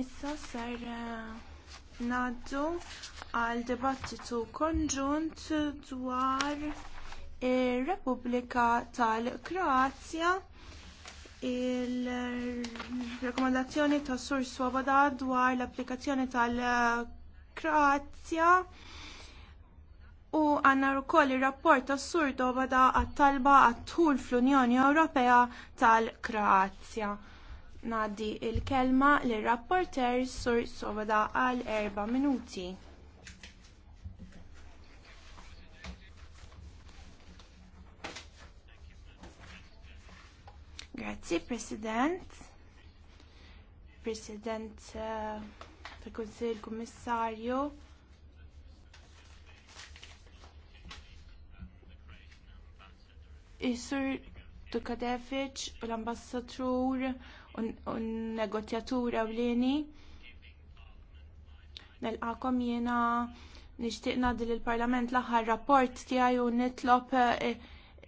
Issa ser eh, naddu għal dibattitu konġunt dwar ir-Repubblika eh, tal-Kroazja il-rekomendazzjoni ta' Sur Swoboda dwar l-applikazzjoni tal-Kroazja u għanna rukoll il-rapport ta' Sur Doboda għat-talba għat-tul fl-Unjoni Ewropea tal-Kroazja. Naddi l kelma lir rapporter Sur Soboda għal erba' minuti. Grazzi, President. President uh, tal-Kunsill Kummissarju. Isur Dukadevic u un-negozjatur ewlieni. Nelqakom jiena nixtieq ngħaddi lill-Parlament l-aħħar rapport tiegħi u nitlob eh,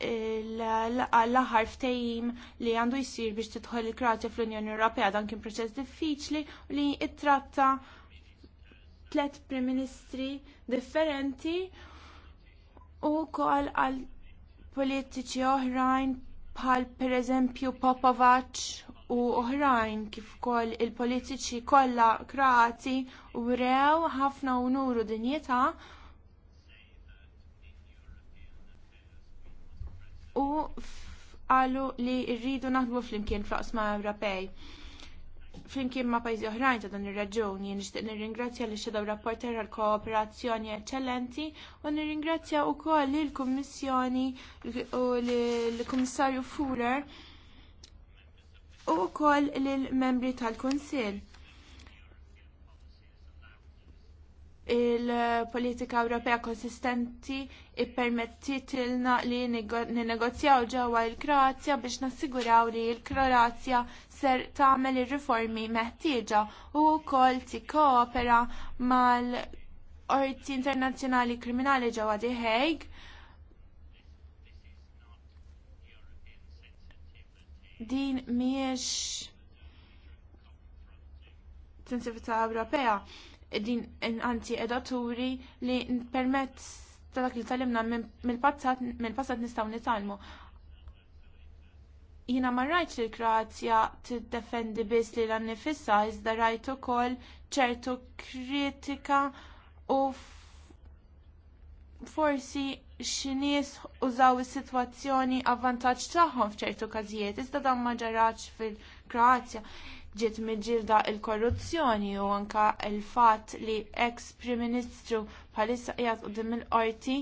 eh, l-aħħar ftehim li għandu jsir biex tidħol il-Kroatja fl-Unjoni Ewropea dan kien proċess diffiċli u li ittratta tliet Prim Ministri differenti u wkoll għal politiċi oħrajn bħal pereżempju Popovac u oħrajn kif ukoll il-politiċi kollha Kroati u rew ħafna unuru dinjità u qalu li rridu naħdmu flimkien fl-qsma Ewropej. Flimkien ma' pajjiżi oħrajn ta' dan ir-raġuni, nixtieq nirringrazzja li xedaw rapporter għal kooperazzjoni eċċellenti u nirringrazzja wkoll lill-Kummissjoni u l-Kummissarju Fuller u koll lill-membri tal-Kunsill. il-politika Ewropea konsistenti ippermettitilna li ninnegozjaw ġewwa l-Kroazja biex nassiguraw li l-Kroazja ser tagħmel ir-riformi meħtieġa u wkoll tikkoopera mal-Qorti Internazzjonali Kriminali ġewwa The Hague din miex sensibilità Ewropea din anzi edaturi li permezz ta' dak li talimna mill-passat nistgħu nitalmu jina ma rajt li l-Kroazja tiddefendi biss li l-annifissa iżda rajt ukoll ċertu kritika u forsi x'nies użaw is-sitwazzjoni avvantaġġ tagħhom f'ċertu kazijiet. iżda dan ma ġarax fil-Kroazja ġiet miġilda l korruzzjoni u anke l fatt li ex Prim Ministru bħalissa jgħat u il-qorti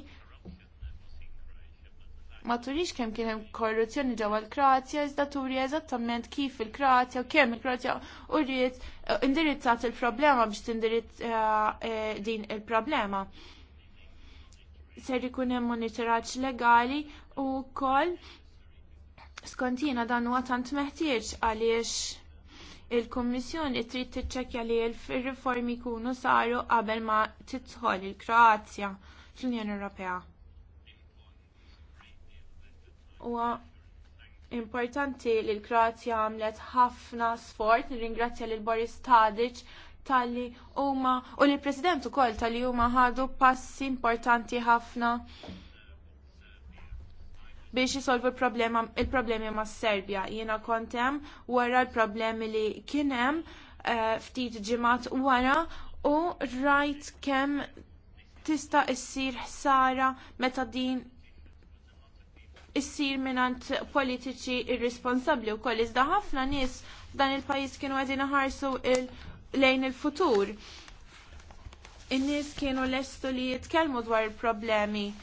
ma turix kemm kien hemm korruzzjoni ġewwa l-Kroazja iżda turi eżattament kif il-Kroazja u kemm il-Kroazja uriet eh, indirizzat il-problema biex tindirizz eh, din il-problema ser ikun hemm monitoraġġ legali u wkoll skontina dan huwa tant meħtieġ għaliex il-Kummissjoni trid tiċċekkja li l-riformi jkunu saru qabel ma tidħol il-Kroazja fl-Unjoni Ewropea. Huwa importanti li l-Kroazja għamlet ħafna sfort, nirringrazzja lil Boris Tadic tal-li huma u li president ukoll tal-li huma ħadu passi importanti ħafna biex jisolvu il-problemi ma' Serbja. Jiena kontem wara l-problemi li kienem eh, ftit ġimat wara u rajt kem tista' issir ħsara meta din issir minant politiċi irresponsabbli wkoll iżda ħafna nies dan il-pajjiż kienu għedin ħarsu il-, -il lejn il-futur. In-nies kienu lestu li jitkellmu dwar il-problemi.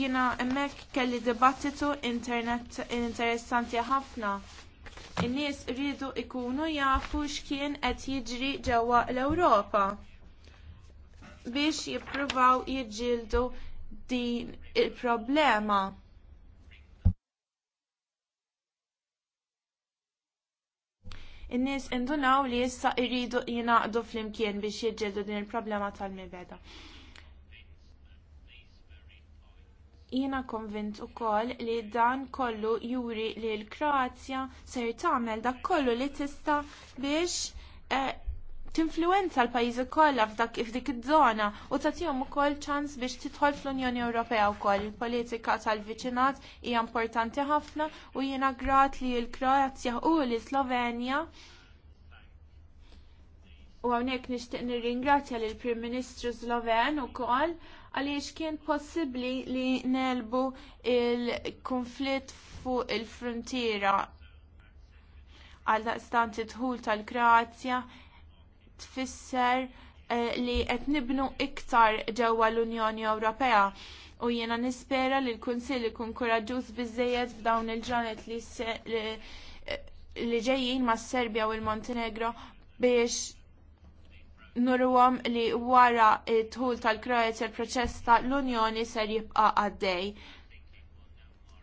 Jiena hemmhekk kelli dibattitu internet interessanti ħafna. In-nies rridu ikunu jafu x'kien qed jiġri ġewwa l-Ewropa biex jippruvaw jiġġieldu din il-problema in-nies indunaw li issa jridu fl flimkien biex jiġġeldu din il-problema tal-mibeda. Jiena konvint ukoll li dan kollu juri li l-Kroazja ser tagħmel dak kollu li tista' biex eh, tinfluenza l-pajjiżi kollha f'dak f'dik iż-żona u tagħtihom ukoll ċans biex tidħol fl-Unjoni Ewropea wkoll. Il-politika tal-viċinat hija importanti ħafna u jiena grat li l-Kroazja u l-Slovenja u hawnhekk nixtieq nirringrazzja lill prim Ministru Sloven ukoll għaliex kien possibbli li nelbu il-konflitt fuq il-frontiera għal daqstanti dħul tal-Kroazja tfisser eh, li qed nibnu iktar ġewwa l-Unjoni Ewropea u jiena nispera li l-Kunsill ikun koraġġuż biżejjed f'dawn il-ġranet li, eh, li ġejjin mas Serbja u l-Montenegro biex nurwom li wara t tul tal-Kroazja l-proċess tal-Unjoni ser jibqa' għaddej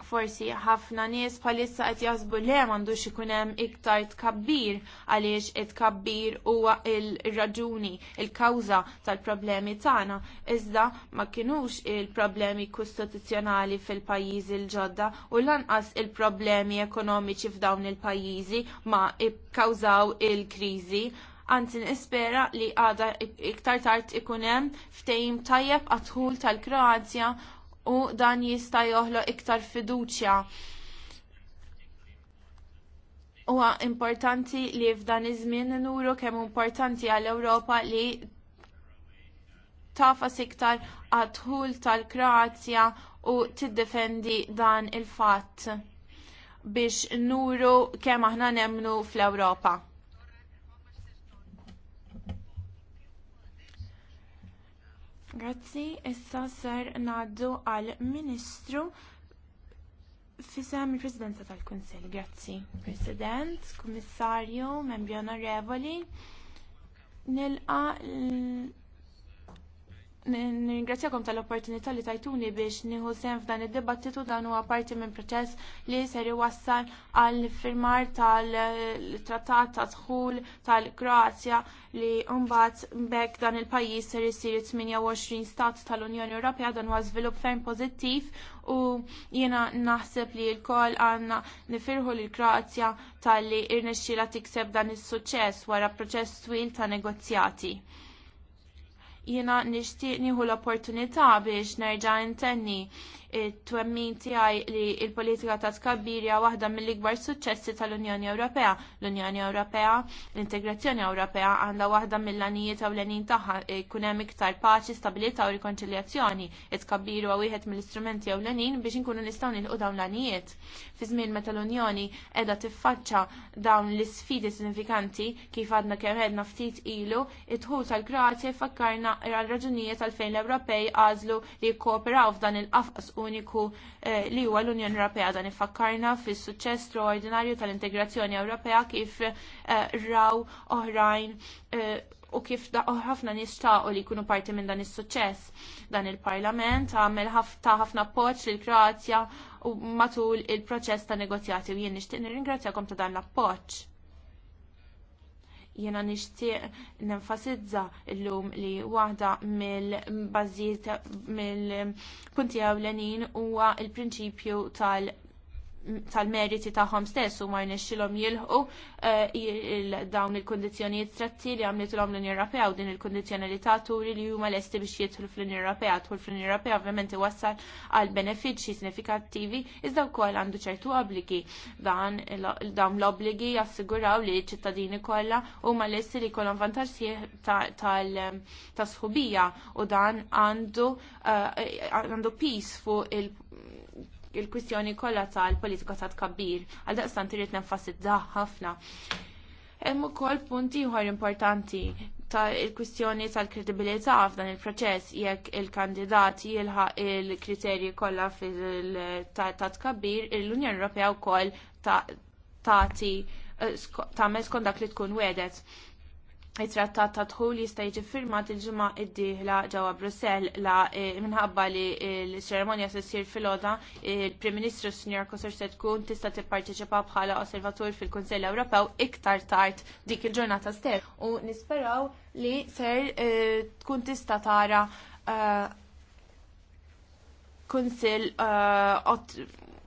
forsi ħafna nies bħalissa qed jaħsbu le m'għandux ikun hemm iktar tkabbir għaliex it-tkabbir huwa il-raġuni, il-kawża tal-problemi tagħna. Iżda ma kinux il-problemi kostituzzjonali fil-pajjiżi l-ġodda u lanqas il-problemi ekonomiċi f'dawn il-pajjiżi ma kkawżaw il-kriżi Anzi nispera li għada iktar tard ikun hemm ftehim tajjeb għadħul tal-Kroazja u dan jista' joħloq iktar fiduċja. Huwa importanti li f'dan iż-żmien nuru kemm importanti għall ewropa li tafas iktar għadħul tal-Kroazja u tiddefendi dan il-fatt biex nuru kemm aħna nemnu fl-Ewropa. Grazzi, issa ser naddu għal Ministru fisem il-Presidenza tal-Kunsel. Grazzi. President, Kummissarju, Membri Onorevoli, nilqa Ningrazzjakom tal-opportunità li tajtuni biex nieħu sehem f'dan id-dibattitu dan huwa parti minn proċess li ser iwassal għal firmar tal-trattat ta' dħul tal-Kroazja li mbagħad bekk dan il-pajjiż ser isir 28 stat tal-Unjoni Ewropea dan huwa żvilupp ferm pożittiv u jiena naħseb li l-koll għandna nifirħu l Kroazja tal-li tikseb dan is-suċċess wara proċess twil ta' negozjati jiena nixtieq nieħu l-opportunità biex nerġa' intenni it-twemmin tiegħi li l politika ta' tkabbir hija waħda mill-ikbar suċċessi tal-Unjoni Ewropea. L-Unjoni Ewropea, l-integrazzjoni Ewropea għandha waħda mill-għanijiet ewlenin tagħha jkun hemm iktar paċi, stabilità u rikonċiljazzjoni. It-tkabbir huwa wieħed mill-istrumenti ewlenin biex inkunu nistgħu nilqu dawn l-għanijiet. Fi żmien meta l-Unjoni qiegħda tiffaċċa dawn l-isfidi sinifikanti kif għadna kemm għedna ftit ilu, it-tħul tal-Kroazja fakkarna raġunijiet għalfejn l-Ewropej għażlu li jikkooperaw f'dan il-qafqas uniku eh, li huwa l-Unjoni Ewropea dan ifakkarna fis-suċċess straordinarju tal-integrazzjoni Ewropea kif eh, raw oħrajn eh, u kif ħafna nies li jkunu parti minn dan is-suċċess. Dan il-Parlament għamel ta' ħafna appoġġ lil Kroazja u matul il-proċess ta' negozjati u jien nixtieq nirringrazzjakom ta' dan l-appoġġ. Jiena nixtieq nenfasizza llum li waħda mill-bażijiet mill-punti ewlenin huwa l prinċipju tal- tal-meriti tagħhom stess u ma jnexxilhom jilħu eh, dawn il-kundizzjonijiet stretti li għamlitilhom l-Unjoni Ewropea u din il-kundizzjonalità turi li huma lesti biex jidħlu fl-Unjoni Ewropea. Tħul fl-Unjoni Ewropea ovvjament iwassal għal benefiċċji sinifikattivi iżda wkoll għandu ċertu obbligi. Dan dawn l-obbligi jassiguraw li ċ-ċittadini kollha huma lesti li jkollhom vantaġġ tal sħubija u dan għandu eh, għandu peace fuq il- il-kwistjoni kollha tal-politika ta' tkabbir, għal daqstan trid nenfasizza ħafna. Hemm ukoll punti ieħor importanti ta' il-kwistjoni tal-kredibilità f'dan il-proċess jekk il-kandidat jilħaq il-kriterji kollha ta' tkabbir, l-Unjoni Ewropea wkoll tagħti eh, tagħmel skont dak li tkun wedet it-trattat ta' dħul jista' jiġi firmat il-ġimgħa d-dieħla ġewwa Brussell la eh, minħabba li l-ċeremonja se ssir filgħoda il-Prim Ministru Sinjor Kosor se tkun tista' tipparteċipa bħala osservatur fil-Kunsell Ewropew iktar tard dik il-ġurnata stess u nisperaw li ser eh, tkun tista' tara eh, kunsill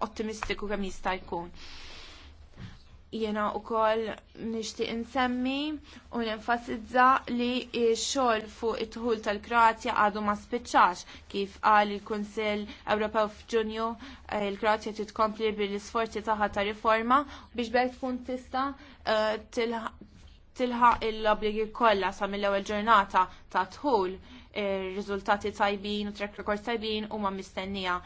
ottimistiku kemm jista' jkun. Jiena wkoll nixtieq insemmi u nenfasizza li x-xogħol fuq it-tħul tal-Kroatja għadu ma spiċċax kif qal il-Kunsill Ewropew f'Ġunju eh, il-Kroatja titkompli bil-isforzi taħħa ta' riforma biex bel tkun tista' eh, tilħaq l obligi kollha sa mill-ewwel ġurnata ta' tħul ir-riżultati eh, tajbin u track record tajbin huma mistennija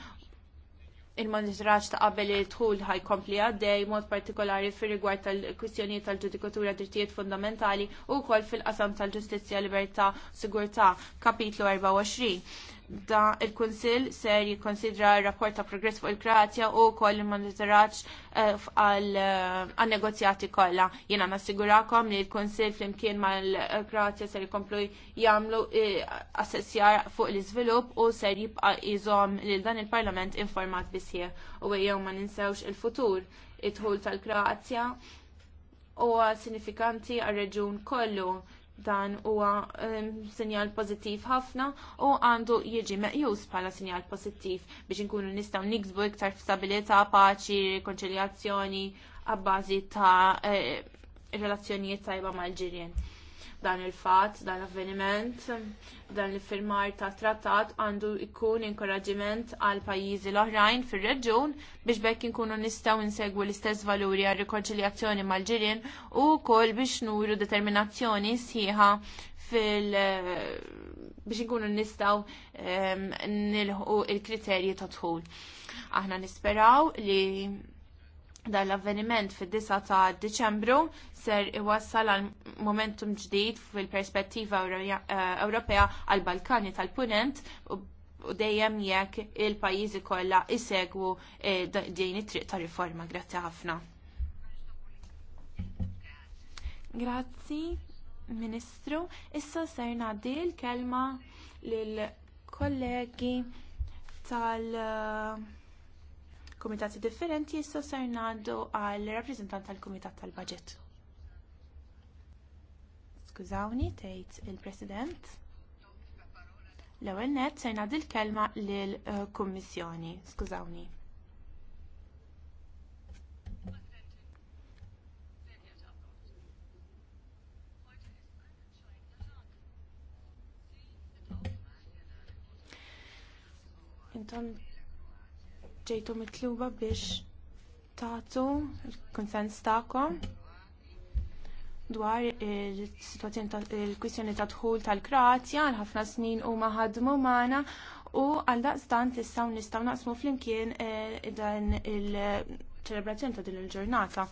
il-monitoraġġ ta' qabel id-dħul ħajkompli għaddej mod partikolari fir rigward tal-kwistjonijiet tal-ġudikatura drittijiet fundamentali u wkoll fil-qasam tal-ġustizzja libertà sigurtà kapitlu 24 da il-Kunsil ser jikkonsidra rapport ta' progress fuq il-Kroatja u koll monitoraċ eh, għal eh, negozjati kollha. Jiena nassigurakom li l-Kunsil flimkien mal-Kroatja ser jkomplu jagħmlu eh, assessjar fuq l-iżvilupp u ser jibqa' jizom lil dan il-Parlament informat bisje. u jew ma ninsewx il-futur it-tħul tal-Kroatja huwa sinifikanti għar-reġun kollu dan huwa sinjal pożittiv ħafna u għandu jiġi meqjus bħala sinjal pożittiv biex inkunu nistgħu niksbu iktar f'stabilità, paċi, konċiljazzjoni għabbażi ta' eh, relazzjonijiet tajba mal-ġirien dan il-fat, dan l-avveniment, dan l-firmar ta' trattat għandu ikkun inkoraġiment għal pajjiżi l-oħrajn fir-reġjun biex bekk inkunu nistgħu insegwu l-istess valuri għal rikonċiljazzjoni mal-ġirien u wkoll biex nuru determinazzjoni sħiħa fil- biex inkunu nistaw ehm, nilħu il-kriterji ta' tħul. Aħna nisperaw li dan l-avveniment fil 9 ta' Diċembru ser iwassal għal momentum ġdid fil-perspettiva eh, Ewropea għall balkani tal-Punent u dejjem jekk il-pajjiżi kollha isegwu eh, din it-triq ta' riforma. Grazzi ħafna. Grazzi, Ministru. Issa ser ngħaddi l-kelma lill kollegi tal- eh, kumitati differenti issa ser ngħaddu għal rappreżentant tal-Kumitat tal-Baġit. Skużawni, tgħid il-President. L-ewwel nett ser ngħaddi l-kelma lill-Kummissjoni. Eh, Skużawni. Intom ġejtu mitluba biex tagħtu il-konsens tagħkom dwar il-kwistjoni ta' dħul tal kroazja għal ħafna snin huma ħadmu magħna u għal daqstant issaw nistgħu naqsmu flimkien eh, dan il-ċelebrazzjoni ta' din il-ġurnata.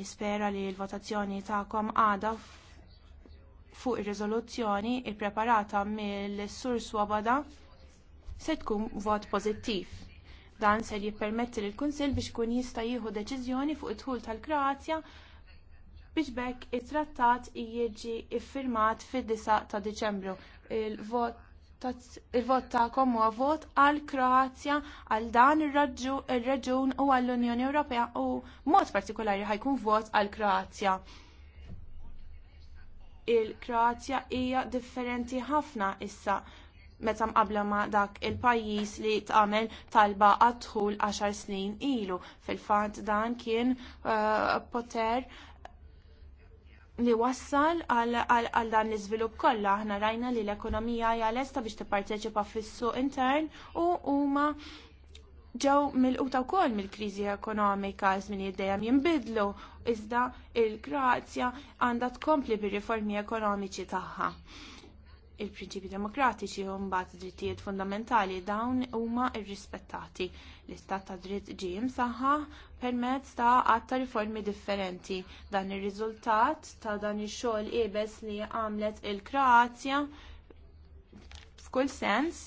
Nispera li l-votazzjoni tagħkom għada fuq ir-riżoluzzjoni preparata mill-Sur Swabada se tkun vot pożittiv. Dan ser jippermetti lill kunsill biex ikun jista' jieħu deċiżjoni fuq id-dħul tal-Kroazja biex bekk it-trattat jiġi ffirmat fid-9 ta' Diċembru. Il-vot ta' huwa vot għall Kroazja għal dan ir-raġun u għall unjoni Ewropea u mod partikolari ħajkun vot għall Kroazja. Il-Kroazja hija differenti ħafna issa meta mqabla ma dak il-pajjiż li tagħmel talba għadħul 10 snin ilu. Fil-fatt dan kien uh, poter li wassal għal dan l-iżvilupp kollha aħna rajna li l-ekonomija hija lesta biex tipparteċipa fis-suq intern u huma ġew mill-quta wkoll mill-kriżi ekonomika żminijiet dejjem jinbidlu iżda il-Kroazja għandha tkompli bir-riformi ekonomiċi tagħha il prinċipji demokratiċi u mbagħad drittijiet fundamentali dawn huma rrispettati. L-istat ta' dritt ġie saħħa permezz ta' għadd ta' riformi differenti. Dan ir-riżultat ta' dan ix-xogħol qiebes li għamlet il-Kroazja f'kull sens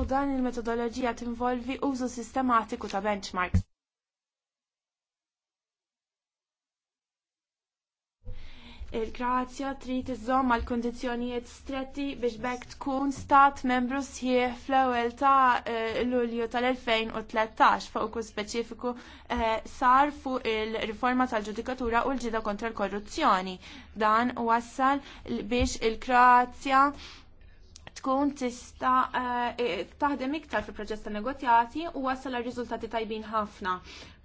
u dan il-metodoloġija tinvolvi użu sistematiku ta' benchmarks. il-Kroazja trid iżomm għal kundizzjonijiet stretti biex bekk tkun stat membru sħiħ fl-ewwel ta' eh, Lulju tal-2013 fuq speċifiku eh, sar fuq il-riforma tal-ġudikatura u l-ġida kontra l-korruzzjoni. Dan wassal biex il-Kroazja tkun tista' eh, eh, taħdem iktar fil-proċess ta' negozjati u wasal riżultati tajbin ħafna.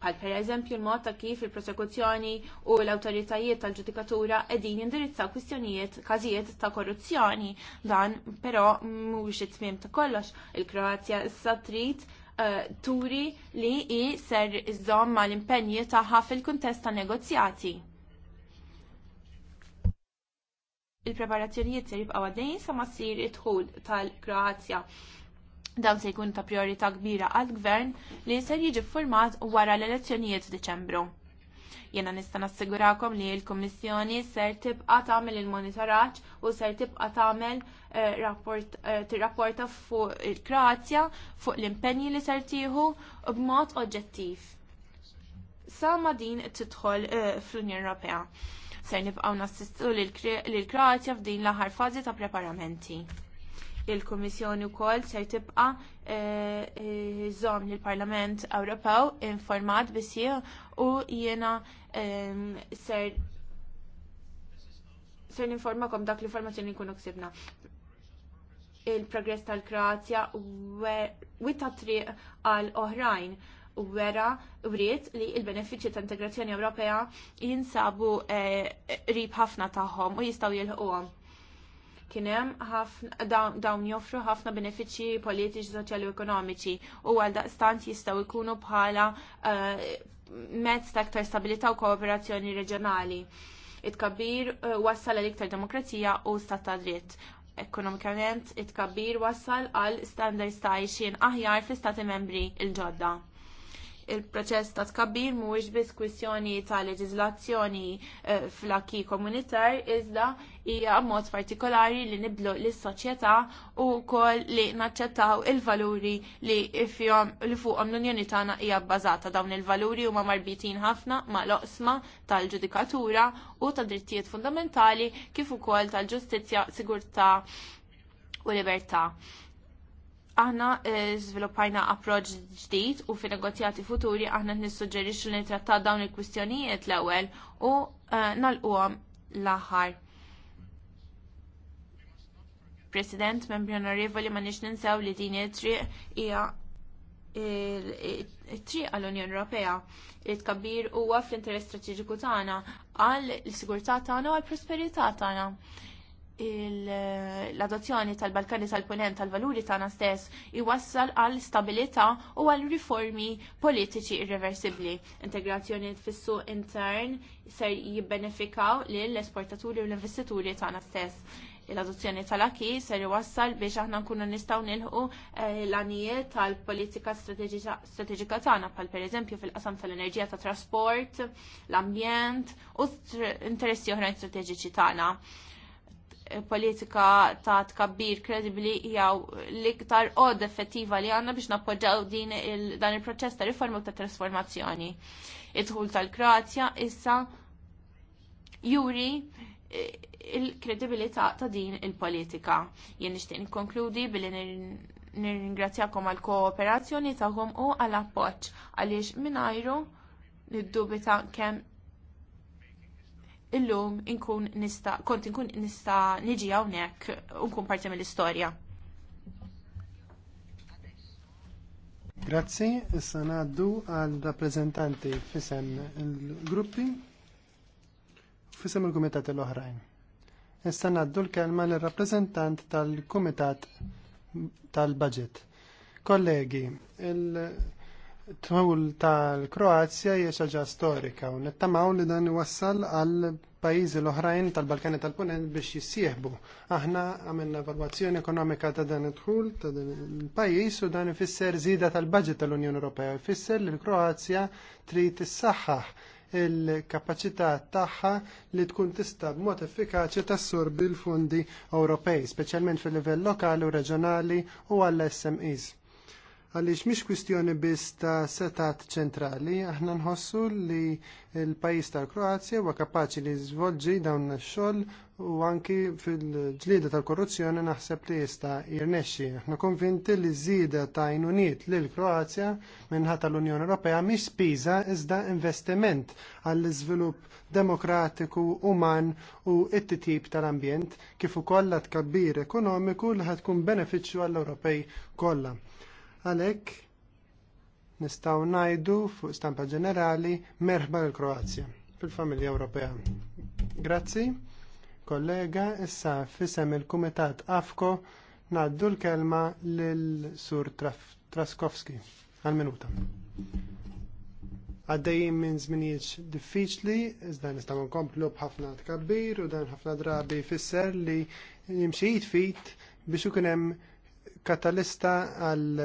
Bħal pereżempju l-mod ta' kif il-prosekuzzjoni u l-awtoritajiet tal-ġudikatura qegħdin jindirizzaw kwistjonijiet każijiet ta' korruzzjoni. Dan però mhuwiex it-tmiem ta' kollox. Il-Kroazja issa trid eh, turi li i ser iżomm mal-impenji tagħha fil-kuntest ta' negozjati. il-preparazzjonijiet se jibqgħu għaddejjin sa ma ssir id-dħul tal-Kroazja. Dawn se jkun ta' priorità kbira għall-gvern li se jiġi format wara l-elezzjonijiet f'Diċembru. Jena nista' nassigurakom li l-Kummissjoni ser tibqa' tagħmel il-monitoraġġ u ser tibqa' tagħmel eh, eh, tirrapporta fuq il-Kroazja fuq l-impenji li ser tieħu b'mod oġġettiv. Sa ma din tidħol eh, fl-Unjoni Ewropea ser nibqaw nassistu lill kroatja f'din l-aħħar fażi ta' preparamenti. Il-Kummissjoni wkoll ser tibqa' eh, eh, żomm lill-Parlament Ewropew informat biss u jiena ehm, ser ser ninformakom dak l-informazzjoni nkunu ksibna. Il-progress tal-Kroatja u triq għal oħrajn wera wriet li il-benefiċċji ta' integrazzjoni Ewropea jinsabu eh, rib ħafna tagħhom u jistgħu jilħquhom kien hemm dawn joffru ħafna benefiċċji politiċi, soċjali u ekonomiċi u għal daqstant jistgħu jkunu bħala eh, mezz ta' aktar stabilità u kooperazzjoni reġjonali. it eh, wassal għal iktar demokrazija u stat ta' dritt. Ekonomikament, it wassal għal standards ta' għajxin aħjar fl-istati membri il-ġodda il-proċess ta' tkabbir mhuwiex biss kwistjoni ta' leġiżlazzjoni eh, fl-akki komunitar, iżda hija mod partikolari li niblu lis-soċjetà u wkoll li naċċettaw il-valuri li fihom li fuqhom l-Unjoni tagħna hija bbażata dawn il-valuri huma marbitin ħafna ma' loqsma tal-ġudikatura u ta' drittijiet fundamentali kif ukoll tal-ġustizzja, sigurtà u libertà. Aħna zviluppajna eh, approċ ġdid u fi negozjati futuri aħna nissuġġerixxu li nitratta dawn il-kwistjonijiet l-ewwel u eh, nalquhom l-aħħar. President, membri onorevoli, ma nix ninsew li din it-triq hija it-triq għall-Unjoni Ewropea. Il-tkabbir huwa fl-interess strateġiku tagħna għall sigurtà tagħna u għall prosperità tagħna l-adozzjoni tal-Balkani tal-Punent tal-valuri tagħna stess iwassal għal stabilità u għal riformi politiċi irreversibbli. Integrazzjoni fissu intern ser jibbenefikaw lill esportaturi u l-investituri tagħna stess. L-adozzjoni tal-aki ser iwassal biex aħna nkunu nistgħu nilħu eh, l-għanijiet tal-politika strateġika tagħna bħal pereżempju fil-qasam tal-enerġija tat trasport, l-ambjent u interessi oħrajn strateġiċi tagħna politika ta' tkabbir kredibli jew l-iktar od effettiva li għanna biex nappoġġaw din il, dan il-proċess ta' riforma ta' trasformazzjoni. Idħul tal-Kroazja issa juri eh, il-kredibilità ta' din il-politika. Jien nixtieq nikkonkludi billi nirringrazzjakom għal kooperazzjoni tagħhom u għall appoġġ għaliex mingħajru niddubita kemm illum inkun nista, kont inkun nista niġi hawnhekk u nkun parti mill-istorja. Grazzi, issa ngħaddu għal rappreżentanti fisem il-gruppi fisem il-kumitati l-oħrajn. Issa ngħaddu l-kelma l rappreżentant tal-kumitat tal-budget. Kollegi, il- tmawl tal-Kroazja hija xi ħaġa storika u nittamaw li dan iwassal għal pajjiżi l-oħrajn tal-Balkani tal-Punent biex jissieħbu. Aħna għamilna evalwazzjoni ekonomika ta' dan id-dħul ta' dan il-pajjiż u dan ifisser zida tal-budget tal-Unjoni Ewropea. Ifisser li l-Kroazja trid tissaħħaħ il-kapacità tagħha li tkun tista' b'mod effikaċi tassorbi l-fondi Ewropej, speċjalment fil-livell lokali u reġjonali u għall-SMEs għaliex mhix kwistjoni biss ta' setat ċentrali, aħna nħossu li l-pajjiż tal-Kroazja huwa kapaċi li zvolġi dawn ix-xogħol u anki fil-ġlieda tal-korruzzjoni naħseb li jista' jirnexxi. Aħna konvinti li zida ta' li l Kroazja minħata tal-Unjoni Ewropea mhix spiża iżda investiment għall-iżvilupp demokratiku, uman u it-titjib tal-ambjent kif ukoll tkabbir ekonomiku li ħatkun benefiċċju għall-Ewropej kollha. Għalhekk nistgħu ngħidu fuq stampa ġenerali merħba l kroazja fil-familja Ewropea. Grazzi, kollega, issa fissem il-Kumitat Afko ngħaddu l-kelma lil Sur Traskowski għal-minuta. Għaddejjim minn żminijiet diffiċli, iżda nistgħu nkomplu b'ħafna tkabbir u dan ħafna drabi fisser li jimxijt fit biex ikun hemm katalista għal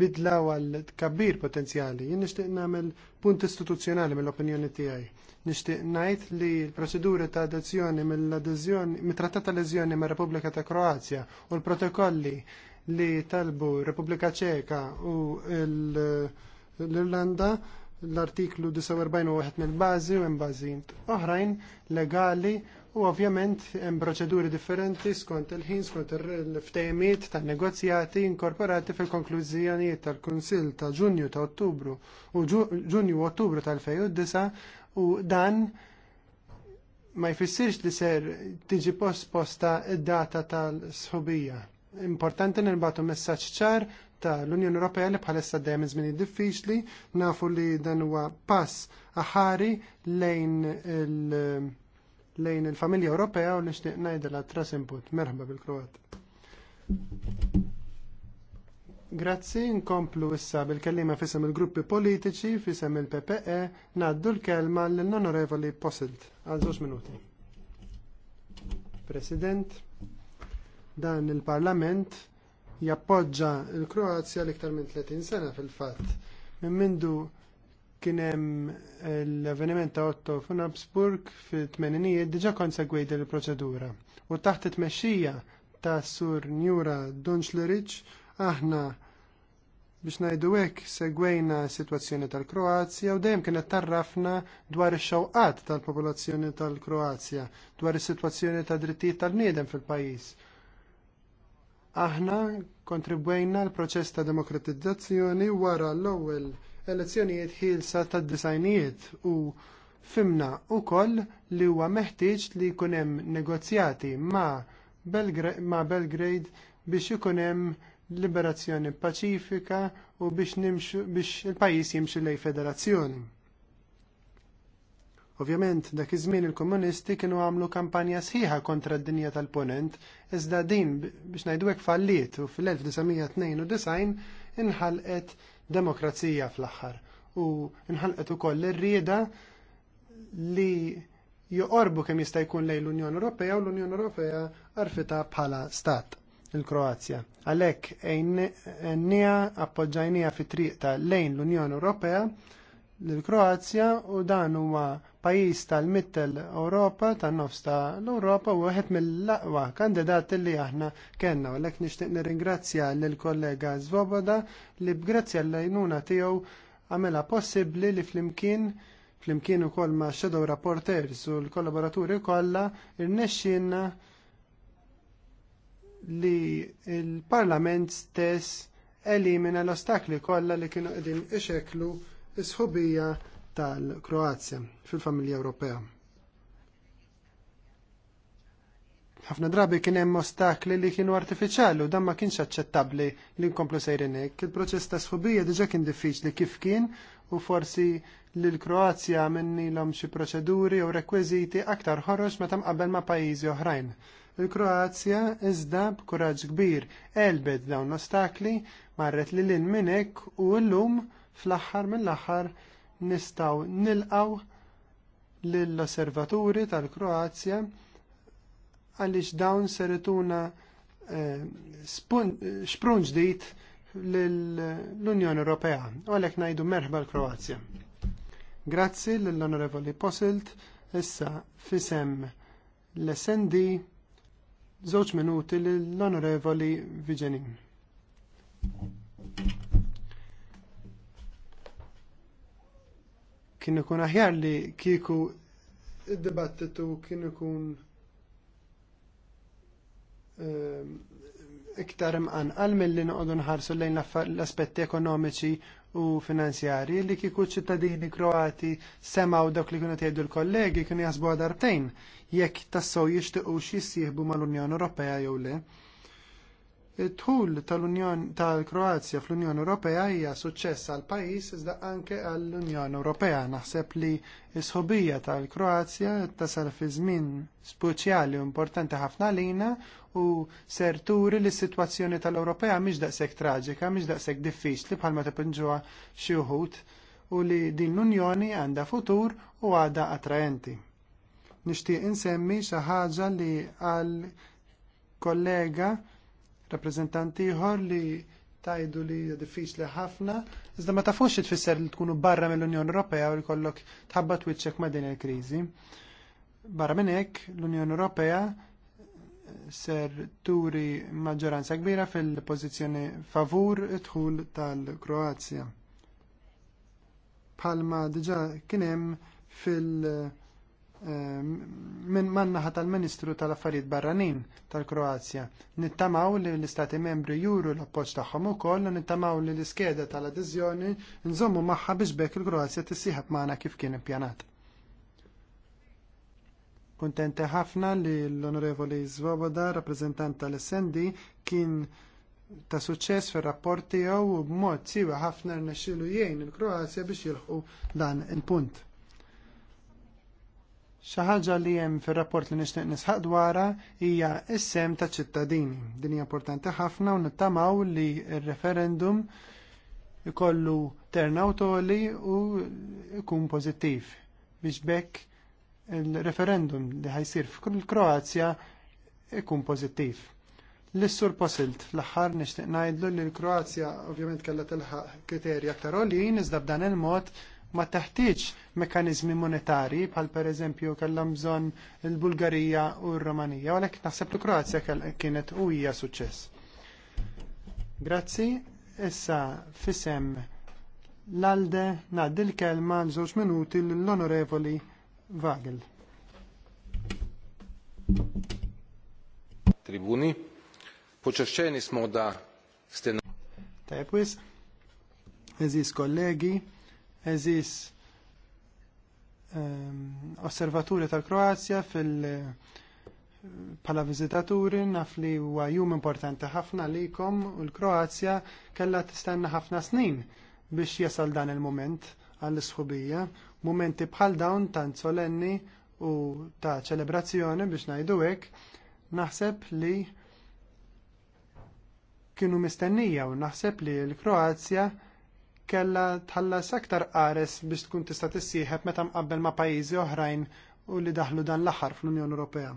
bidla u għal tkabbir potenzjali. Jien nixtieq nagħmel punt istituzzjonali mill-opinjoni tiegħi. Nixtieq ngħid li l-proseduri ta' adezjoni mill adezjoni mit-trattat adezjoni eżjoni mar Repubblika ta' Kroazja u l-protokolli li talbu Repubblika Ċeka u l-Irlanda l-artiklu 49 mill-bażi u hemm bażi oħrajn legali U ovvjament hemm proċeduri differenti skont il-ħin skont il-ftejmiet tan-negozjati inkorporati fil-konklużjonijiet tal-Kunsill ta' Ġunju ta' Ottubru u Ġunju Ottubru tal-2009 u dan ma jfissirx li ser tiġi posposta id-data tal-sħubija. Importanti nirbatu messaġġ ċar ta' l-Unjoni Ewropea li bħalissa dejjem iż-żmien diffiċli, nafu li dan huwa pass aħari lejn il- lejn il-familja Ewropea u nixtieq ngħidilha tras input. Merħba bil-Kroat. Grazzi, nkomplu issa bil-kellima fisem il-gruppi politiċi, fisem il-PPE, naddu l-kelma l-Onorevoli Posselt għal żewġ minuti. President, dan il-Parlament jappoġġa l-Kroazja l-iktar minn 30 sena fil-fatt. Minn mindu kien hemm l-avveniment ta' Otto f'Nabsburg fit-tmeninijiet diġà konsegwejt il-proċedura. U taħt it-tmexxija ta' Sur Njura Dunxlerich aħna biex ngħidu hekk segwejna s-sitwazzjoni tal-Kroazja u dejjem kienet tarrafna dwar ix-xewqat tal-popolazzjoni tal-Kroazja dwar is-sitwazzjoni ta' drittijiet tal-niedem fil-pajjiż. Aħna kontribwejna l-proċess ta' demokratizzazzjoni wara l-ewwel elezzjonijiet ħilsa tad disajnijiet u fimna wkoll li huwa meħtieġ li jkun hemm negozjati ma' Belgrade biex ikun hemm liberazzjoni paċifika u biex, biex il-pajis jimxu lejn federazzjoni. Ovvjament, dak iż-żmien il-komunisti kienu għamlu kampanja sħiħa kontra d-dinja tal-ponent, iżda din biex ngħidu hekk falliet u fil-1992 inħalqet demokrazija fl-aħħar u nħalqet ukoll ir-rieda li joqorbu kemm jista' jkun lejn l-Unjoni Ewropea u l-Unjoni Ewropea arfita bħala stat il-Kroazja. Għalhekk għejnija appoġġajnija fit triq ta' lejn l-Unjoni Ewropea l-Kroazja u dan huwa pajjiż tal-mittel Ewropa, tan-nofs tal-Ewropa u wieħed mill-aqwa kandidati li aħna kellna. U lek nixtieq nirringrazzja lill-kollega Zvoboda li b'grazzja l-lajnuna tiegħu għamela possibbli li flimkien flimkien ukoll ma' shadow rapporters u l-kollaboraturi kollha irnexxinna li l parlament stess elimina l-ostakli kollha li kienu qegħdin ixekklu is-sħubija tal-Kroazja fil-familja Ewropea. ħafna drabi kien hemm ostakli li kienu artifiċjali u dan ma kienx aċċettabbli li nkomplu sejrin hekk. Il-proċess ta' sħubija diġà kien diffiċli kif kien u forsi li l-Kroazja minnilhom xi proċeduri u rekwiżiti aktar ħorroġ meta mqabel ma' pajjiżi oħrajn. Il-Kroazja iżda b'kuraġġ kbir elbed dawn l-ostakli marret li lin minn hekk u llum fl-aħħar mill-aħħar nistgħu nilqaw lill-osservaturi tal-Kroazja għaliex dawn se ituna eh, sprun ġdid l-Unjoni Ewropea, u għalhekk ngħidu merħba l-Kroazja. Grazzi l-Onorevoli Posilt, issa fisem l-SND, żewġ minuti l-Onorevoli Vigenin. Kien ikun aħjar li kieku id-dibattitu kien ikun ehm, iktar imqanqal mill-li noqogħdu nħarsu lejn l-aspetti ekonomiċi u finanzjarji li kieku ċittadini kroati semaw dawk li kienu tgħidu l-kollegi kienu jasbu għadartejn jekk tassew jixtiequ xi jissieħbu mal-Unjoni Ewropea jew le. It-tħul tal-Unjon tal-Kroazja fl-Unjoni Ewropea hija suċċess għal pajjiż iżda anke għall unjoni Ewropea. Naħseb li s-ħobija tal-Kroazja tasal fi żmien speċjali u importanti ħafna lina u ser turi li s-sitwazzjoni tal-Ewropea mhix daqshekk traġika, mhix daqshekk diffiċli bħalma tipinġuha xi wħud u li din l-Unjoni għandha futur u għadha attraenti. Nixtieq insemmi xi ħaġa li għal kollega rappresentanti ieħor li tajdu li diffiċli ħafna, iżda ma tafux tfisser li tkunu barra mill-Unjoni Ewropea u jkollok tħabba wiċċek ma' din il-kriżi. Barra minn hekk l-Unjoni Ewropea eh, ser turi maġġoranza kbira fil-pożizzjoni favur id-dħul tal-Kroazja. Palma diġa kien hemm fil- Ehm, minn mannaħa tal-Ministru tal-Affarijiet Barranin tal-Kroazja. Nittamaw li l-Istati membri juru l-appoġġ tagħhom ukoll u nittamaw li l-iskeda tal-adeżjoni nżommu magħha biex bekk il-Kroazja tissieħab magħna kif kien ippjanat. Kuntenti ħafna li l-Onorevoli Svoboda, rappreżentant tal-SND, kien ta' suċċess fir-rapport tiegħu u b'mod siwa ħafna rnexxielu jgħin il-Kroazja biex jilħqu dan il-punt. Xi ħaġa li hemm fir-rapport li nixtieq nisħaq dwarha hija s-sem ta' ċittadini. Din hija importanti ħafna u nittamaw li r-referendum ikollu turnout li u jkun pożittiv biex bekk il-referendum li ħajsir f'kull Kroazja ikun pożittiv. L-issur posilt fl-aħħar nixtieq ngħidlu li l-Kroazja ovvjament kellha tilħaq kriterji aktar għoljin iżda b'dan il-mod ma taħtieġ mekanizmi monetari bħal pereżempju kellhom bżonn il-Bulgarija u r-Romanija, u għalhekk naħseb li Kroazja kienet u hija suċċess. Grazzi, issa fisem l-alde ngħaddi l-kelma l żewġ minuti l-Onorevoli Vagel. Tribuni, poċċeċċeni smoda stenna. Tajpwis, eżis kollegi, eżis ehm, osservaturi tal-Kroazja fil- pala vizitaturi naf li huwa jum importanti ħafna likom u l-Kroazja kellha tistenna ħafna snin biex jasal dan il-moment għall-isħubija, momenti bħal dawn tant solenni u ta' ċelebrazzjoni biex ngħidu hekk naħseb li kienu mistennija u naħseb li l-Kroazja kella tħallas aktar qares biex tkun tista' tissieħeb meta mqabbel ma' pajjiżi oħrajn u li daħlu dan l-aħħar fl-Unjoni Ewropea.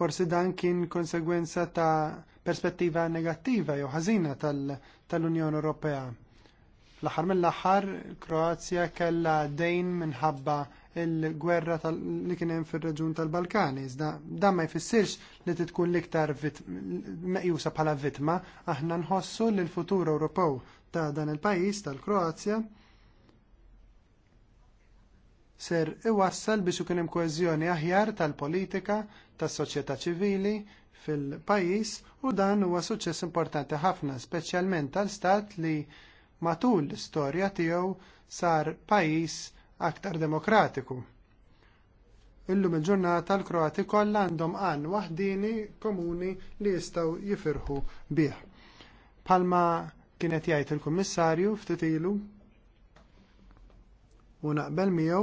Forsi dan kien konsegwenza ta' perspettiva negattiva jew ħażina tal-Unjoni Ewropea. L-aħħar mill-aħħar, Kroazja kellha dejn minħabba il-gwerra li kien hemm fir reġjun tal-Balkani. Iżda dan ma jfissirx li titkun l-iktar meqjusa bħala vittma, aħna nħossu li l-futur Ewropew ta' dan il-pajjiż tal-Kroazja ser iwassal biex ikun hemm koeżjoni aħjar tal-politika, tas-soċjetà ċivili, fil-pajjiż u dan huwa suċċess importanti ħafna, speċjalment tal-stat li matul l-istorja tiegħu sar pajjiż aktar demokratiku. Illum il-ġurnata l-Kroati kollha għandhom għan waħdini komuni li jistgħu jifirħu bih. Palma kienet jgħid il-Kummissarju ftit ilu u naqbel miegħu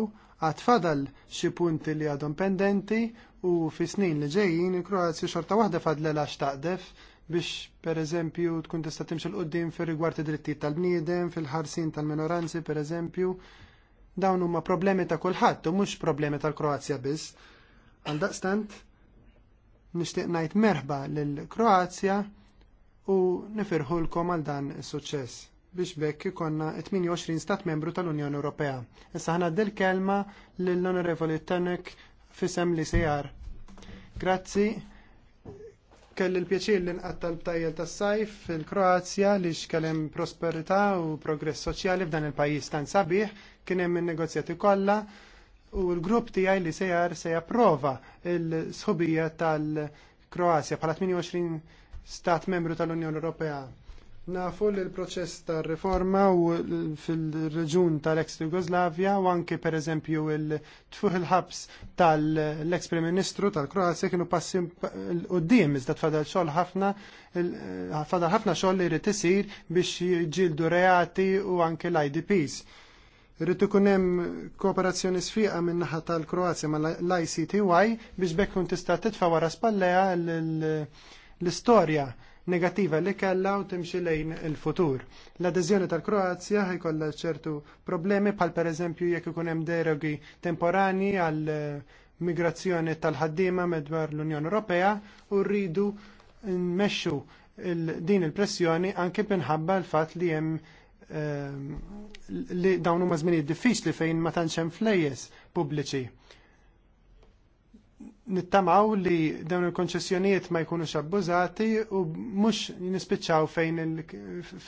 għad fadal xi punti li għadhom pendenti u fi snin li ġejjin il-Kroazja xorta waħda għax taqdef biex pereżempju tkun tista' timxi l-qudiem fir rigward id-drittijiet tal-bniedem, fil-ħarsin tal-minoranzi pereżempju, Dawn huma problemi ta' kulħadd u mhux problemi tal-Kroazja biss. Għaldaqstant, nixtieq ngħid merħba lill-Kroazja u nifirħulkom għal dan is-suċċess biex bekk ikonna 28 stat membru tal-Unjoni Ewropea. Issa ħana del kelma lill-Onorevoli Tanek fisem li sejar. Grazzi kelli l-pjaċir li nqatta l-btajjel tas sajf fil-Kroazja li xkellem prosperità u progress soċjali f'dan il-pajjiż tan sabiħ, kien hemm in-negozjati kollha u l-grupp tiegħi li sejjar se japprova l-sħubija tal-Kroazja bħala 28 stat membru tal-Unjoni Ewropea. Nafu li l-proċess ta' riforma u fil-reġun tal-ex Jugoslavja u anke per eżempju il-tfuħ il-ħabs tal-ex Prim Ministru tal-Kroazja kienu passi l dim iżda tfadal xogħol ħafna fadal ħafna xogħol li jrid isir biex jġildu reati u anke l-IDPs Rrid kunem hemm kooperazzjoni sfiqa min naħa tal-Kroazja mal l-ICTY biex bekk kun tista' titfa' wara spalleja l-istorja negattiva li kellha u timxi lejn il-futur. L-adeżjoni tal-Kroazja ħajkollha ċertu problemi bħal pereżempju jekk ikun hemm derogi temporani għal eh, migrazzjoni tal-ħaddiema madwar l-Unjoni Ewropea u rridu nmexxu din il-pressjoni anke minħabba l-fatt li hemm Ehm, li dawn huma żminijiet diffiċli fejn ma tantx hemm flejjes pubbliċi. Nittamaw li dawn il-konċessjonijiet ma jkunux abbużati u mhux nispiċċaw fejn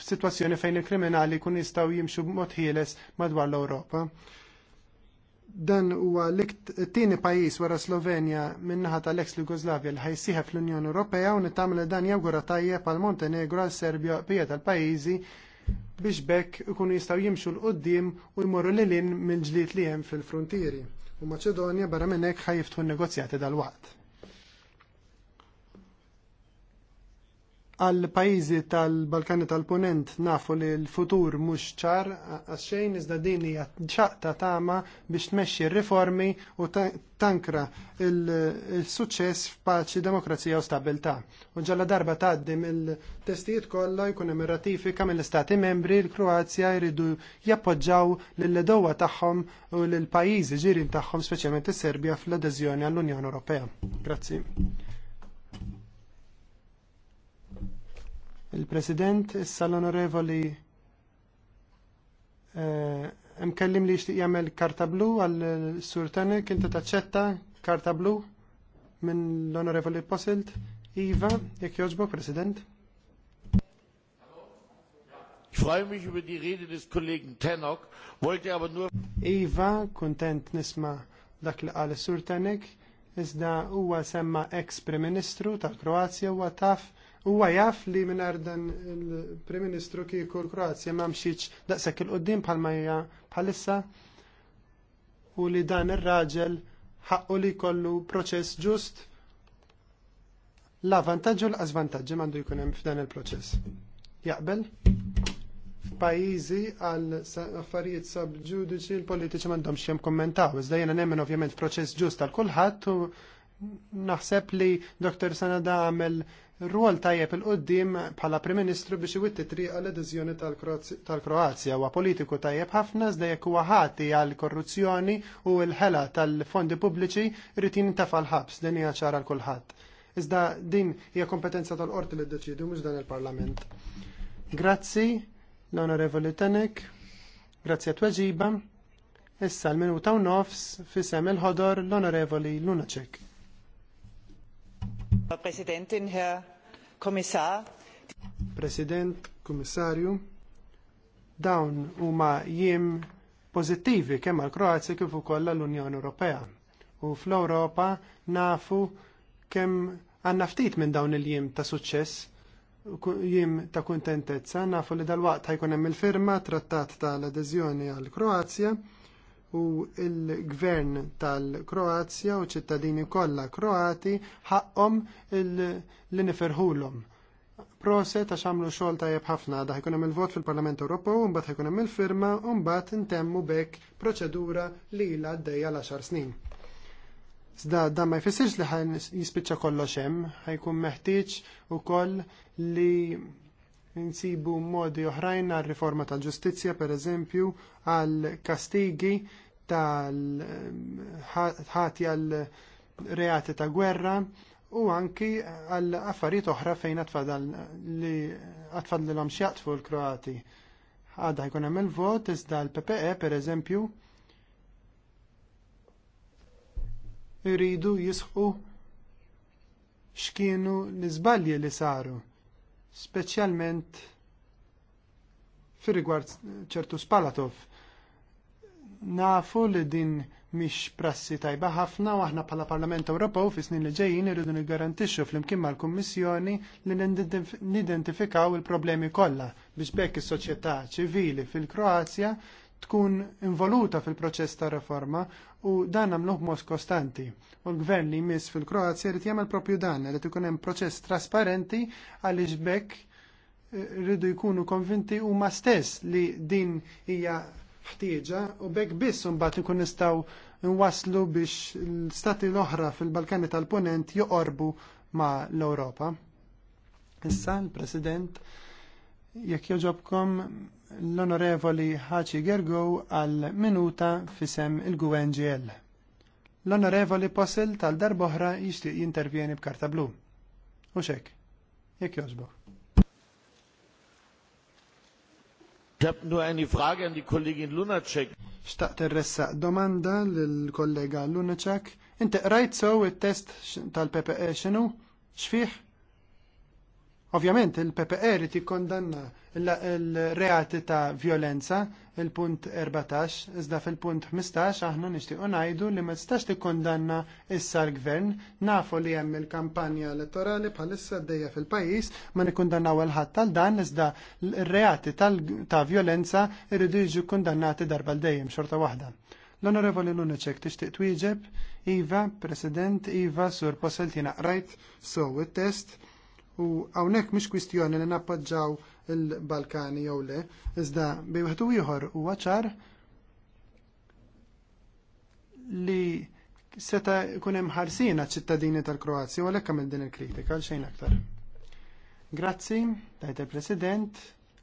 situazzjoni fejn il-kriminali kun jistgħu jimxu b'mod ħieles madwar l-Ewropa. Dan huwa t-tieni pajjiż wara Slovenja minnaħa tal-ex Jugoslavja li ħajsieħ fl-Unjoni Ewropea u nittamel dan jawgura tajjeb għal Montenegro għal Serbja bija tal-pajjiżi biex bekk ikunu jistgħu jimxu l-qoddim u jmorru lilin mill-ġlied li hemm fil-frontieri. U Maċedonja barra minn hekk n-negozjati dal-waqt. għal pajjiżi tal-Balkani tal-Punent nafu li l-futur mhux ċar għaxxejn iżda din hija ċaqta tama biex tmexxi r-riformi u tankra il-suċċess f'paċi, demokrazija u stabilità. U ġalla darba tgħaddi il-testijiet kollha jkun hemm ratifika mill-Istati membri l-Kroazja jridu jappoġġaw lill-edowa tagħhom u lill pajjiżi ġirin tagħhom speċjalment is-Serbja fl-adeżjoni għall-Unjoni Ewropea. Grazzi. il-President, issa l-Onorevoli eh, mkellim li jixtieq jagħmel karta blu għal sur Tanek, inti taċċetta karta blu minn l-Onorevoli Posilt. Iva, jekk jogħġbok, President. Ich freue mich über die Rede des Kollegen Tenok, wollte aber nur... Iva, kontent nisma dak li qal sur Tanek, iżda huwa semma ex-Prim-Ministru tal-Kroazja huwa taf Huwa jaf li mingħajr dan il-Prim Ministru kieku l-Kroazja ma mxiċ daqshekk il-qudiem bħalma hija bħalissa u li dan ir-raġel ħaqqu li jkollu proċess ġust l vantaġġu l azvantaġġi mandu jkun hemm f'dan il-proċess. Jaqbel? F'pajjiżi għal affarijiet sab ġudiċi l-politiċi m'għandhomx hemm kommentaw, iżda jiena nemmen ovvjament proċess ġust għal kulħadd u naħseb li Dr. Sanada għamel rwol tajjeb il-qoddim bħala Prim Ministru biex iwitti triqa l-adeżjoni tal-Kroazja huwa politiku tajjeb ħafna iżda jekk huwa ħati għal korruzzjoni u l-ħela tal-fondi pubbliċi rrid jintafal ħabs din hija ċara l kulħadd. Iżda din hija kompetenza tal-qorti li ddeċidu mhux dan il-Parlament. Grazzi l-Onorevoli Tenek, grazzi għat-tweġiba. Issa l-minuta u nofs fisem il-ħodor l-Onorevoli Lunacek. Presidentin, Herr Kommissar. President, Kommissarju, dawn huma jiem pożittivi kemm għall kroazja kif ukoll l-Unjoni Ewropea. U fl-Ewropa nafu kemm għandna ftit minn dawn il-jiem ta' suċċess jim ta' kuntentezza nafu li dal-waqt ħajkun hemm il-firma trattat tal-adeżjoni għall kroazja u l gvern tal-Kroazja u ċittadini kollha Kroati ħaqhom li niferħulhom. Proset ta' għamlu xogħol tajjeb ħafna da ħajkun hemm il-vot fil-Parlament Ewropew u mbagħad ikun hemm il-firma u mbagħad intemmu bekk proċedura li ilha għaddejja għal għaxar snin. Zda, da ma jfessirx li ħan jispicċa kollox hemm, ħajkun meħtieġ ukoll li nsibu modi oħrajn għal riforma tal-ġustizzja, per eżempju, għal kastigi tal-ħati għal reati ta' gwerra u anki għal affarijiet oħra fejn li għatfad li l-għam xjaqtfu l-Kroati. Għadda jkun hemm il-vot iżda l-PPE per eżempju iridu jisħu xkienu l-iżbalji li saru, speċjalment fir rigward ċertu Spalatov nafu li din mhix prassi tajba ħafna u aħna bħala Parlament Ewropew fi snin li ġejjin irridu niggarantixxu flimkien mal-Kummissjoni li nidentifikaw il-problemi kollha biex bekk is-soċjetà ċivili fil-Kroazja tkun involuta fil-proċess ta' reforma u dan nagħmluh b'mod kostanti. U l-gvern li jmiss fil-Kroazja rid jagħmel propju dan li ikun hemm proċess trasparenti għaliex bekk eh, rridu jkunu konvinti huma stess li din hija ħtieġa u bekk biss mbagħad nkun nistgħu nwaslu biex l-stati l-oħra fil-Balkani tal-Punent joqorbu ma' l-Ewropa. Issa l-President jekk joġobkom l-Onorevoli Ħaċi Gergow għal minuta fisem il-Gwen GL. L-Onorevoli Possil tal-darboħra jixtieq jintervjeni b'karta blu. U xek, jekk joġbok. Ich habe nur domanda l kollega Lunacek. Inti rajt sew it-test tal-PPE xinu? X'fih? Ovvjament il-PPR e ti kondanna il-reati ta' violenza, il-punt 14, iżda fil-punt 15 aħna nixtiequ ngħidu li ma tistax kondanna issa l-gvern, nafu li hemm il-kampanja elettorali bħalissa d fil-pajjiż, ma nikkundannaw il-ħadd tal-dan iżda r-reati ta' violenza irridu jiġu kundannati darba l-dejjem xorta waħda. L-Onorevoli Lunacek tixtieq twieġeb, Iva, President, Iva, Sur Poseltina rajt, so it-test, U hawnhekk mish kwistjoni li nappadġaw il-Balkani jew le, iżda bi wieħed ieħor huwa ċar li seta kunem hemm ħarsina ċittadini tal kroazi u għalhekk għamil din il-kritika għal xejn aktar. Grazzi, tajt il-President,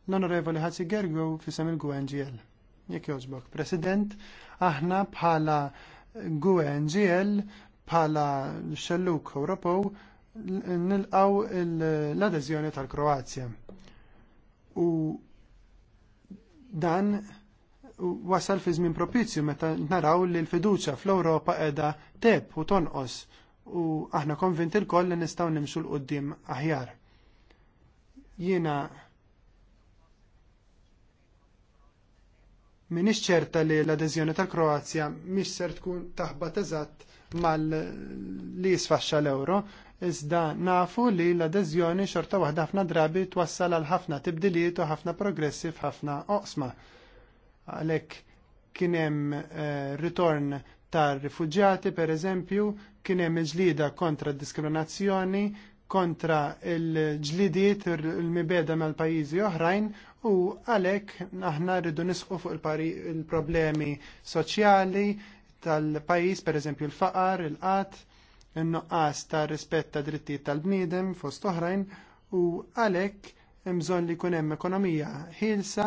l-Onorevoli Ħazzi Gergo fisem il-GUNGL. Jek jogħġbok, President, aħna bħala GUNGL bħala xelluk Ewropew nilqaw l-adeżjoni tal-Kroazja. U dan wasal fi żmien propizju meta naraw li l-fiduċa fl-Ewropa qiegħda teb u tonqos u aħna konvinti l-koll li nistgħu nimxu l-qudiem aħjar. Jiena Minix ċerta li l-adeżjoni tal-Kroazja mhix ser tkun taħbat eżatt mal li jisfaxxa l-euro, iżda nafu li l-adeżjoni xorta waħda ħafna drabi twassal għal ħafna tibdiliet u ħafna progressi f'ħafna oqsma. Għalhekk kien hemm eh, ritorn tar rifuġjati pereżempju, kien hemm ġlida kontra d diskriminazzjoni, kontra il-ġlidiet il-mibeda mal pajjiżi oħrajn u għalhekk aħna rridu nisqu fuq il-problemi soċjali tal pajjiż pereżempju l-faqar, il-qat, in-nuqqas ta' rispett ta' drittijiet tal-bniedem fost oħrajn u għalhekk hemm bżonn li jkun hemm ekonomija ħielsa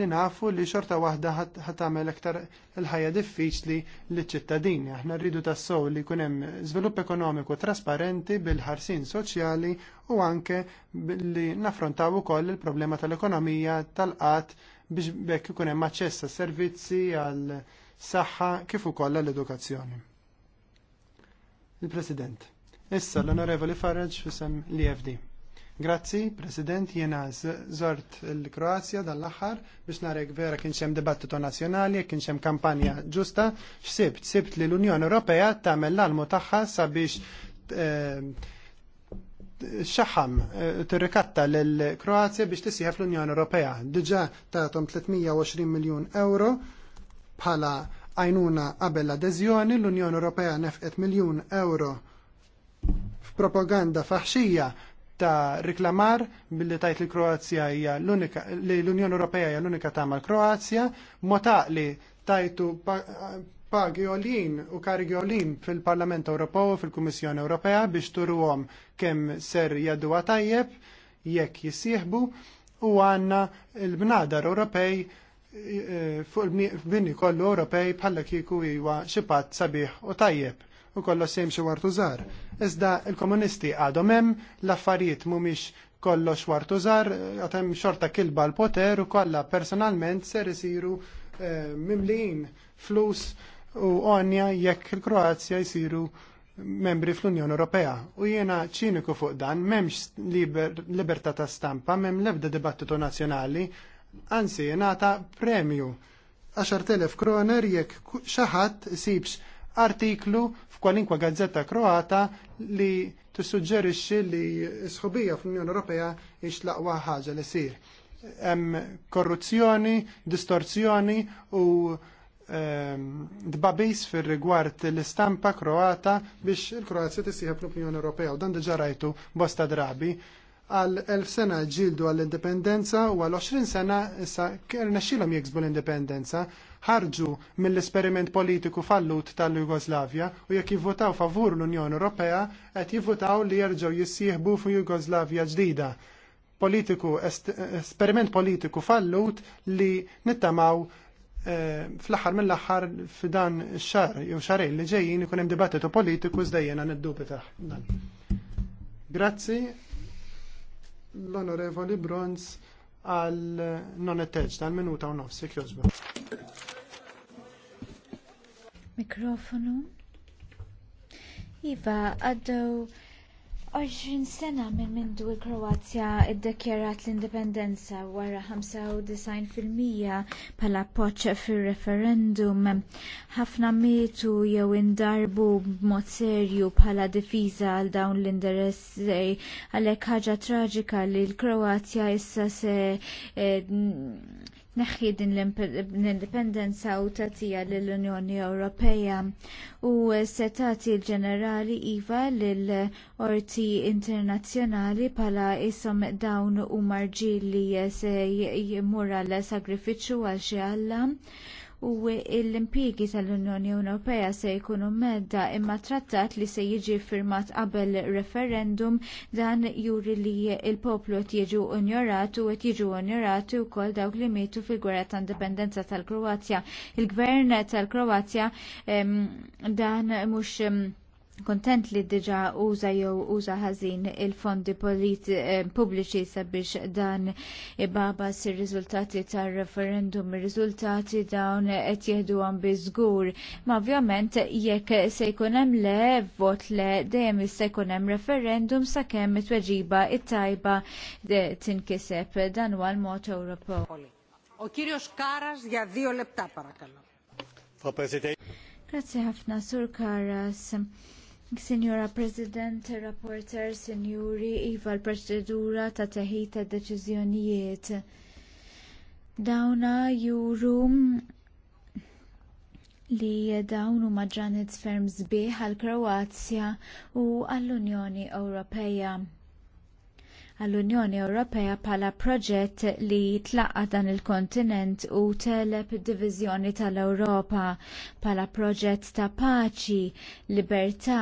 li nafu li xorta waħda ħatamel aktar il-ħajja diffiċli li ċittadini. Aħna rridu tassow li jkun hemm żvilupp ekonomiku trasparenti bil-ħarsin soċjali u anke li naffrontaw ukoll il-problema tal-ekonomija tal-qatt biex bekk ikun hemm aċċess għas servizzi għal saħħa kif ukoll għall-edukazzjoni. Il-President. Issa l-Onorevoli Farage fisem l-IFD. Grazzi, President, jena zort il-Kroazja dal-axar biex narek vera kien xem dibattito nazjonali, e kien xem kampanja ġusta, xsibt, sibt li l-Unjoni Ewropea tamel l-almu taħħa sabiex eh, xaħam eh, t-rikatta l-Kroazja biex tisieħ fl-Unjoni Ewropea. Dġa tatom 320 miljon euro bħala għajnuna qabel l-adeżjoni l-Unjoni Ewropea nefqet miljun euro f'propaganda faħxija ta' riklamar billi tajt li Kroazja hija l-unika li l-Unjoni Ewropea hija l-unika tagħmel Kroazja, taqli tajtu pagi olin u karigi olin fil-Parlament Ewropew u fil-Kummissjoni Ewropea biex turuhom kemm ser jaddu tajjeb jekk jissieħbu u għanna l-bnadar Ewropej fuq bini kollu Ewropej bħalla kieku iwa xipat sabiħ u tajjeb u kollu semxu wartu zar. Iżda il-komunisti għadhom hemm l-affarijiet mhumiex kollox wartu zar, għatem xorta kilba l-poter u kolla personalment ser isiru mimlin eh, mimlijin flus u għonja jekk il-Kroazja jisiru membri fl-Unjoni Ewropea. U jiena ċiniku fuq dan, memx liber, libertà ta' stampa, mem lebda dibattitu nazjonali, anzi jingħata premju 10.000 kroner jekk xi ħadd artiklu f'kwalinkwa gazzetta kroata li tissuġġerixxi li sħubija fl-Unjoni Ewropea hix ħaġa li sir. Hemm korruzzjoni, distorzjoni u ehm, dbabis fir rigward l-istampa kroata biex il-Kroazja tisieħeb fl unjoni Ewropea u dan diġa rajtu bosta drabi għal 1000 sena ġildu għall-indipendenza u għal 20 sena issa xilom jiksbu l-indipendenza, ħarġu mill-esperiment politiku fallut tal-Jugoslavja u jekk jivvotaw favur l-Unjoni Ewropea qed jivvotaw li jerġgħu jissieħbu fu Jugoslavja ġdida. Politiku, esperiment politiku fallut li nittamaw eh, fl-axar mill-axar f'dan xar, jew xarejn li ġejjin ikun hemm dibattitu politiku iżda niddubita dan. Grazzi, l-Onorevoli Bronz għal non attached tal minuta u nofs, jogħġba. Mikrofonu. Iva, għaddew 20 sena minn mindu l-Kroazja iddekjarat l-indipendenza wara 95% bħala appoġġ fir referendum ħafna mietu jew indarbu b'mod serju bħala difiża għal dawn l-interessi għalhekk ħaġa traġika li l-Kroazja issa se eh, neħħi din l-indipendenza u tatija l-Unjoni Ewropea u setati l-ġenerali iva l-orti internazzjonali bħala isom dawn u marġili se jimura l-sagrifiċu għal xi Alla u l-impjiegi tal-Unjoni Ewropea se jkunu medda imma trattat li se jiġi firmat qabel referendum dan juri li l poplu qed jiġu unjorat u qed jiġu unjorati wkoll dawk li mietu fil-gwerra ta' indipendenza tal-Kroazja. Il-gvern tal-Kroazja dan mhux kontent li diġa uża jew uża ħażin il-fondi eh, pubbliċi sabiex dan ibabas ir-riżultati tar-referendum, ir-riżultati dawn qed jieħdu bi biżgur. Ma ovvjament jekk se jkun hemm le vot le dejjem se jkun hemm referendum sakemm it-tweġiba it-tajba tinkiseb dan huwa l-mod Ewropew. O kirjos Karas ja dio lepta parakallu. Grazie ħafna, Sur Karas. Signora President, Rapporter, Signori, Iva l-proċedura ta' teħita deċiżjonijiet. Dawna juru li dawn huma ġranet ferm sbieħ għall kroazja u għall-Unjoni Ewropea għall-Unjoni Ewropea bħala proġett li tlaqqa dan il-kontinent u teleb diviżjoni tal-Ewropa bħala proġett ta' paċi, libertà,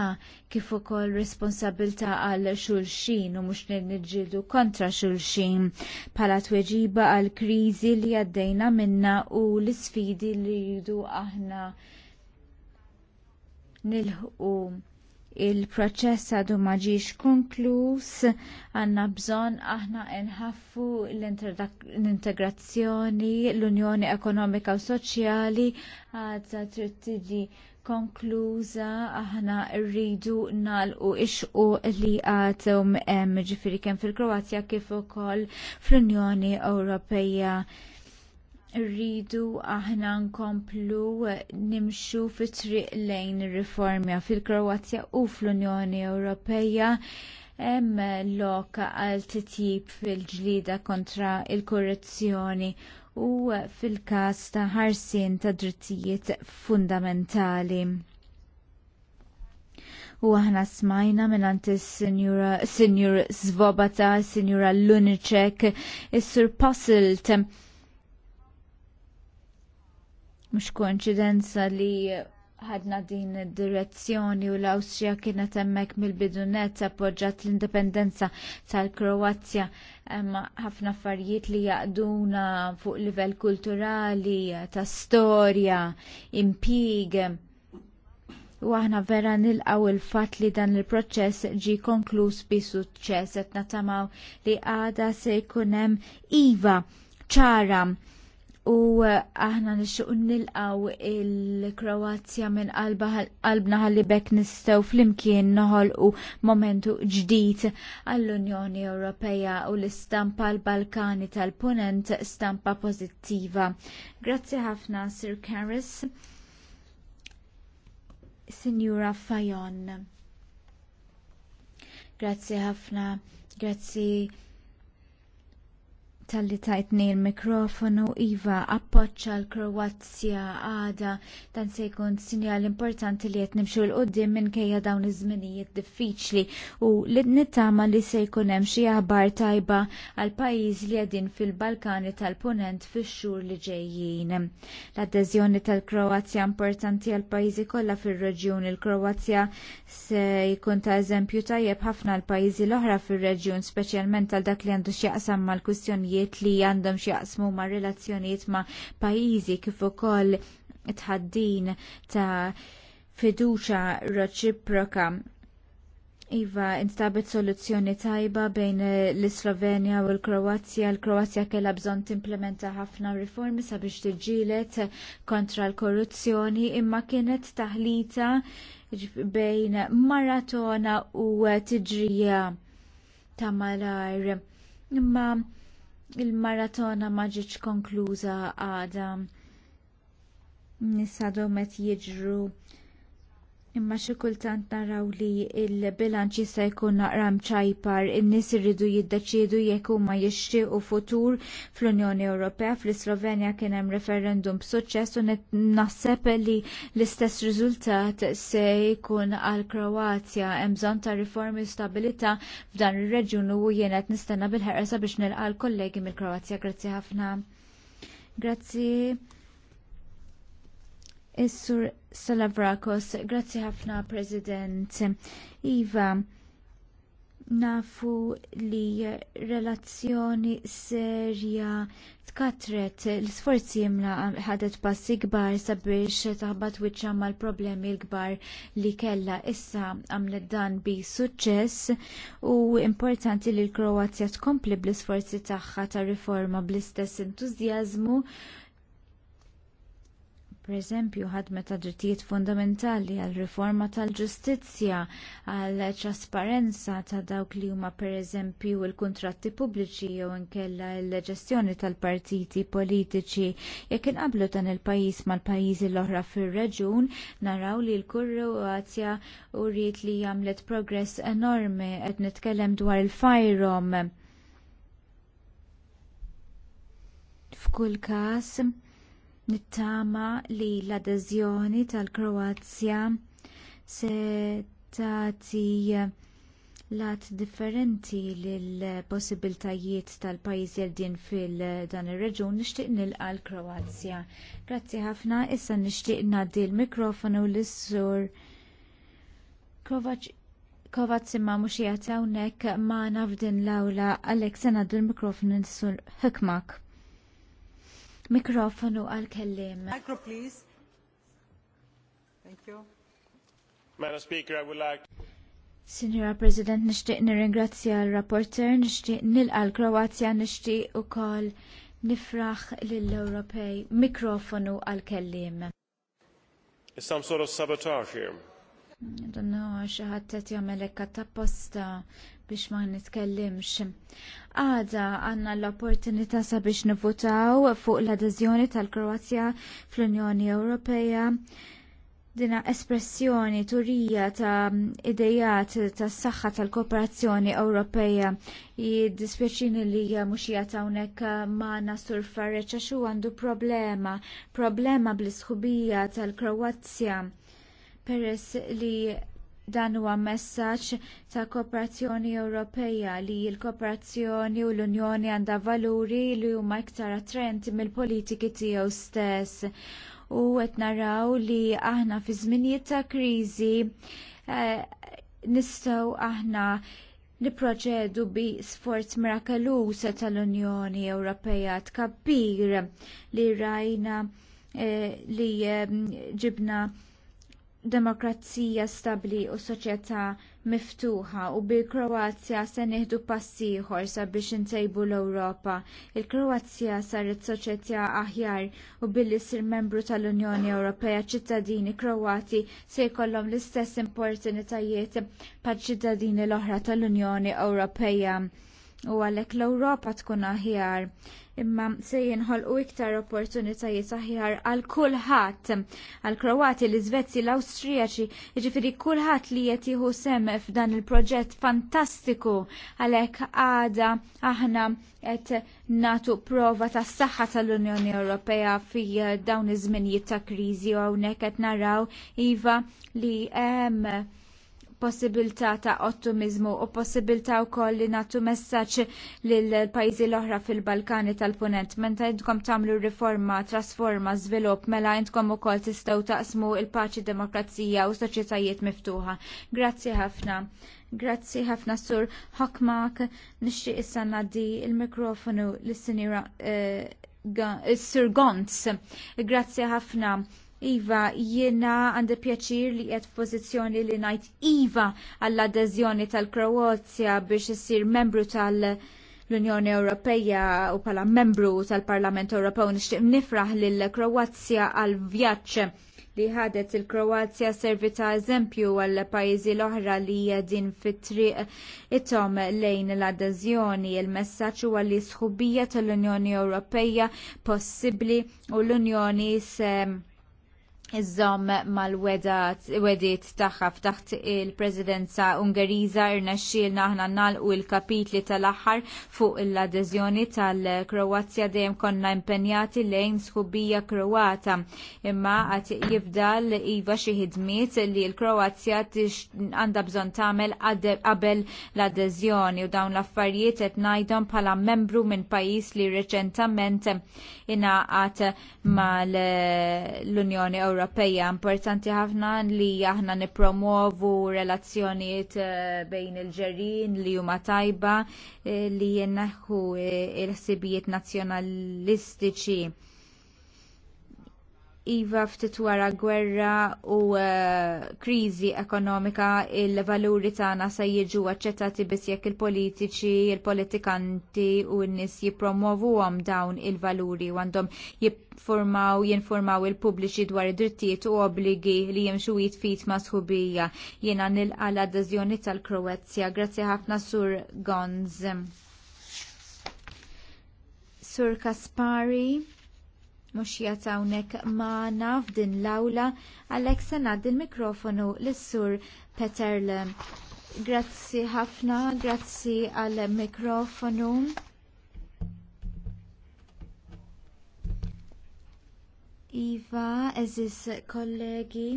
kif ukoll responsabilità għal xulxin u mhux niġġieldu kontra xulxin bħala tweġiba għal kriżi li għaddejna minnha u l-isfidi li jridu aħna nilħqu il-proċess għadu ġiex konkluż, għanna bżon aħna nħaffu l-integrazzjoni, l-Unjoni Ekonomika u Soċjali għadha trid tiġi konkluża aħna rridu nalqu ixqu li għadhom hemm ġifieri kemm fil-Kroazja kif ukoll fl-Unjoni Ewropea rridu aħna nkomplu nimxu fi triq lejn riformja fil-Kroazja u fl-Unjoni Ewropeja hemm loka għal titjib fil-ġlida kontra il-korruzzjoni u fil-każ ta' ħarsien ta' drittijiet fundamentali. U aħna smajna minnant il-Sinjura Zvobata, Sinjura Lunacek, is-Sur Puzzled Mhux konċidenza li ħadna din id-direzzjoni u l-Awstrija kienet hemmhekk mill-bidunet appoġġat l-indipendenza tal-Kroazja hemm ħafna affarijiet li jaqduna fuq livell kulturali, ta' storja, impjieg. U aħna vera nilqaw il-fatt li dan il-proċess ġie konkluż bi suċċess qed natamaw li għada se jkun hemm iva ċara u eh, aħna nixuq nilqaw il-Kroazja minn qalbna ħalli bekk nistgħu flimkien noħolqu momentu ġdid għall-Unjoni Ewropea u l-istampa l-Balkani tal-Punent stampa pożittiva. Grazzi ħafna Sir Karis. Signora Fajon. Grazzi ħafna, grazzi tal-li tajtni l-mikrofonu Iva appoċċa l-Kroazja għada dan se jkun sinjal importanti li qed nimxu l-qoddim minkejja dawn iż-żminijiet diffiċli u li nittama li se jkun hemm xi aħbar tajba għal pajjiż li qegħdin fil-Balkani tal-Punent fix-xhur li ġejjin. L-adeżjoni tal-Kroazja importanti għal pajjiżi kollha fir-reġjun il-Kroazja se jkun ta' eżempju tajjeb ħafna l pajjiżi l-oħra fir-reġjun speċjalment għal dak li għandu x'jaqsam mal-kwistjonijiet affarijiet li għandhom xieqsmu ma' relazzjonijiet ma' pajjiżi kif ukoll tħaddin ta' fiduċa reċiproka. Iva, instabet soluzzjoni tajba bejn l-Slovenja u l-Kroazja. L-Kroazja kellha bżonn timplementa ħafna riformi sabiex tiġġielet kontra l-korruzzjoni imma kienet taħlita bejn maratona u tiġrija ta' Malajr Imma il-maratona ma ġietx konkluża għada nisa domet jiġru Imma xi kultant naraw li l bilanċ jista' jkun naqram ċajpar. in-nies irridu jiddeċiedu jekk huma jixtiequ futur fl-Unjoni Ewropea. Fl-Slovenja kien hemm referendum b'suċċess u naħseb li l-istess riżultat se jkun għal Kroazja. Hemm bżonn ta' riformi u stabilità f'dan ir-reġjun u jien qed nistenna bil sabiex biex nilqa' kollegi mill-Kroazja. Grazzi ħafna. Grazzi. Is-Sur Salavrakos, grazzi ħafna President. Iva, nafu li relazzjoni serja tkatret l-sforzi jimla ħadet passi kbar sabiex taħbat wiċċa mal problemi l-kbar li kellha issa għamlet dan bi suċċess u importanti li l-Kroazja tkompli bl isforzi tagħha ta' riforma bl-istess entużjażmu Pereżempju ħadmet ta' drittijiet fundamentali għal riforma tal-ġustizzja, għal trasparenza ta' dawk li huma pereżempju l kuntratti pubbliċi jew inkella l-ġestjoni tal-partiti politiċi. Jekk inqablu dan il-pajjiż mal-pajjiżi l-oħra fir-reġun, naraw li l u ried li għamlet progress enormi qed nitkellem dwar il-fajrom. F'kull każ, Nittama li l-adeżjoni tal-Kroazja se tagħti lat differenti lill possibiltajiet tal-pajjiż jedin fil-dan ir-reġun nixtieq nilqa l-Kroazja. Grazzi ħafna, issa nixtieq ngħaddi l-mikrofonu lis-sur Kovac imma mhux jagħti hawnhekk ma din l-awla għalhekk se ngħaddi l-mikrofonu lis-sur Hikmak. Mikrofonu għal-kellim. Micro, please. Thank you. Madam Speaker, I would like Signora President, nishtiq nirringrazzja l-rapporter, nishtiq nil-qa l-Kroazja, nishtiq u kol nifraħ l-Ewropej. Mikrofonu għal-kellim. It's some sort of sabotage here. Dunno, xaħat t-jamel ekka posta biex ma nitkellimx. Għada għanna l-opportunità sabiex nivutaw fuq l-adeżjoni tal-Kroazja fl-Unjoni Ewropea. Dina espressjoni turija ta' idejat ta' s-saxħa tal-kooperazzjoni Ewropeja jiddispjaċini li mux jatawnek ma' nasur farreċa xu għandu problema, problema bl-isħubija tal-Kroazja peress li dan huwa messaġġ ta' kooperazzjoni Ewropea li l-kooperazzjoni u l-Unjoni għandha valuri li huma iktar attrenti mill-politiki tiegħu stess. U qed naraw li aħna fi żminijiet ta' kriżi eh, nistgħu aħna nipproċedu bi sforz mirakelusa tal-Unjoni Ewropea tkabbir li rajna eh, li eh, ġibna demokrazija stabbli u soċjetà miftuħa u bil-Kroazja se nieħdu passi ieħor sabiex intejbu l-Ewropa. Il-Kroazja saret soċjetà aħjar u billi sir membru tal-Unjoni Ewropea ċittadini Kroati se jkollhom l-istess opportunitajiet bħal ċittadini l-oħra tal-Unjoni Ewropea u għalhekk l-Ewropa tkun aħjar imma se jinħolqu iktar opportunitajiet aħjar għal kulħadd għal Kroati, l-Iżvezzi, l-Awstrijaċi, jiġifieri kulħadd li qed jieħu sem f'dan il-proġett fantastiku għalhekk għada aħna qed natu prova tas saħħa tal-Unjoni Ewropea fi eh, dawn iż-żminijiet ta' kriżi u hawnhekk qed naraw iva li hemm possibilità ta' ottimizmu u possibilità wkoll li nagħtu messaġġ l pajjiżi l-oħra fil-Balkani tal-Punent. Menta intkom tagħmlu riforma, trasforma, żvilupp, mela u ukoll tistgħu taqsmu il-paċi demokrazija u soċjetajiet miftuħa. Grazzi ħafna. Grazzi ħafna sur Hokmak, nixtieq issa ngħaddi il-mikrofonu lis-sinjura eh, eh, Sir Gontz. Grazzi ħafna. Iva, jiena għandi pjaċir li qed pożizzjoni li ngħid Iva għall-adeżjoni tal-Kroazja biex issir membru tal- l-Unjoni Ewropeja u pala membru tal-Parlament Ewropew nixtieq nifraħ lil Kroazja għal vjaġġ li ħadet il-Kroazja servi ta' eżempju għal pajjiżi l-oħra li din fit-triq itom lejn l-adeżjoni. Il-messaġġ huwa li sħubija tal-Unjoni Ewropeja possibbli u l-Unjoni se iżżomm mal-wedit tagħha f'taħt il-Presidenza Ungeriża irnexxielna aħna nagħlqu il-kapitli tal-aħħar fuq l adezjoni tal-Kroazja dejjem konna impenjati lejn sħubija Kroata. Imma għat jibdal iva xi ħidmiet li l-Kroazja għandha bżonn tagħmel qabel l adezjoni u dawn l-affarijiet qed ngħidhom bħala membru minn pajjiż li reċentament ingħaqad mal-Unjoni Ewropea. Ewropeja. Importanti ħafna li aħna nipromovu relazzjonijiet eh, bejn il-ġerin li huma tajba eh, li jennaħu eh, il-ħsibijiet nazzjonalistiċi Iva ftit wara gwerra u eh, kriżi ekonomika il-valuri tagħna se jiġu aċċettati biss jekk il-politiċi, il-politikanti u n-nies jippromovuhom dawn il-valuri u għandhom jiffurmaw jinformaw il-pubbliċi dwar id-drittijiet u obbligi li jimxu jitfit ma' sħubija. Jiena nilqa l-adeżjoni tal-Kroazja. Grazzi ħafna Sur Gonz. Sur Kaspari mhux jatawnek magħna f'din l-awla għalhekk se ngħaddi l-mikrofonu lis-sur Peterle. Grazzi ħafna, grazzi għall mikrofonu Iva, eżis kollegi,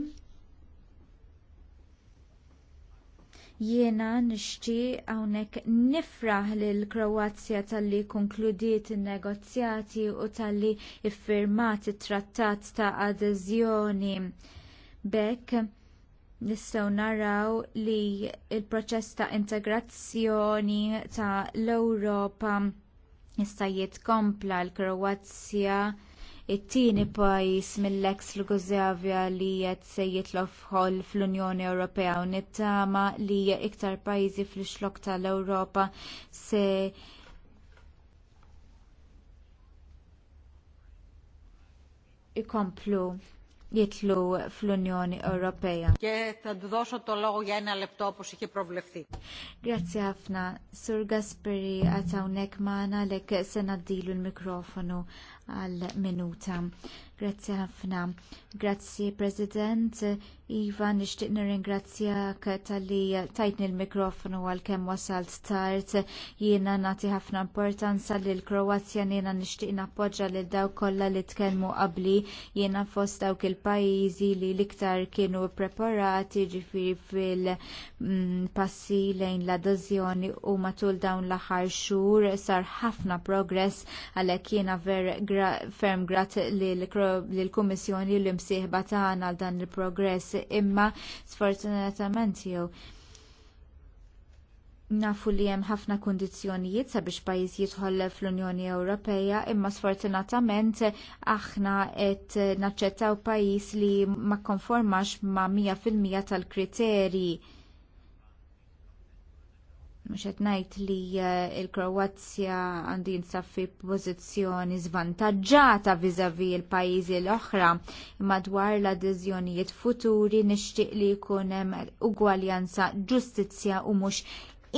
Jiena nixtieq hawnhekk nifraħ l Kroazja talli konkludiet in-negozjati u talli iffirmat it-trattat ta' adeżjoni. Bekk nistgħu naraw li l proċess ta' integrazzjoni ta' l-Ewropa jista' jitkompla l-Kroazja it-tieni pajjiż mill-eks Jugoslavja li qed se jitlob fl-Unjoni Ewropea u nittama li iktar pajjiżi fl ixlok tal-Ewropa se ikomplu jitlu fl-Unjoni Ewropeja. Και θα του δώσω το λόγο για ένα λεπτό είχε προβλεφθεί. Grazie ħafna. Sur Gasperi għatawnek maħna lek sena dilu l-mikrofonu għal minuta. Grazzi ħafna. Grazzi President. Iva, nixtieq nirringrazzjak tal-li tajtni l-mikrofonu għal-kem wasalt tard. Jiena nagħti ħafna importanza lill kroazja jiena nixtieq nappoġġa lil dawk kollha li tkellmu qabli. Jiena fost dawk il-pajjiżi li l-iktar kienu preparati ġifieri fil-passi mm, lejn l-adozzjoni u matul dawn l-aħħar xhur sar ħafna progress għalhekk jiena ferm grat lil kroazja l kummissjoni l imsieħba tagħna għal dan il-progress imma sfortunatament jew nafu li hemm ħafna kundizzjonijiet sabiex pajjiż jidħol fl-Unjoni Ewropea, imma sfortunatament aħna qed naċċettaw pajjiż li ma kkonformax ma' mija fil-mija tal-kriterji mux ngħid li eh, il-Kroazja għandi jinsab fi pożizzjoni zvantagġata vizavi il-pajizi l-oħra madwar l-adeżjonijiet futuri nixtieq li jkun hemm ugwaljanza ġustizzja u mhux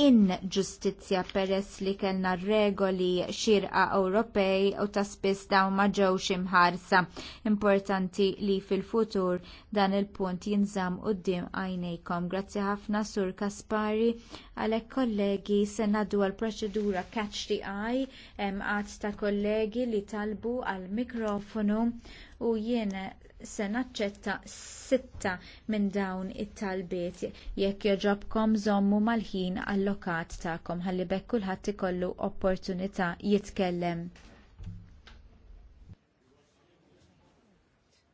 in ġustizzja peress li kellna regoli xirqa Ewropej u ta' spiss dawn ma ġewx imħarsa. Importanti li fil-futur dan il-punt jinżamm quddiem għajnejkom. Grazzi ħafna Sur Kaspari għalhekk kollegi se ngħaddu għall proċedura catch the eye hemm qatt ta' kollegi li talbu għall mikrofonu u jien se naċċetta sitta minn dawn it-talbiet jekk jogħġobkom żommu mal-ħin allokat tagħkom ħalli bekk kulħadd ikollu opportunità jitkellem.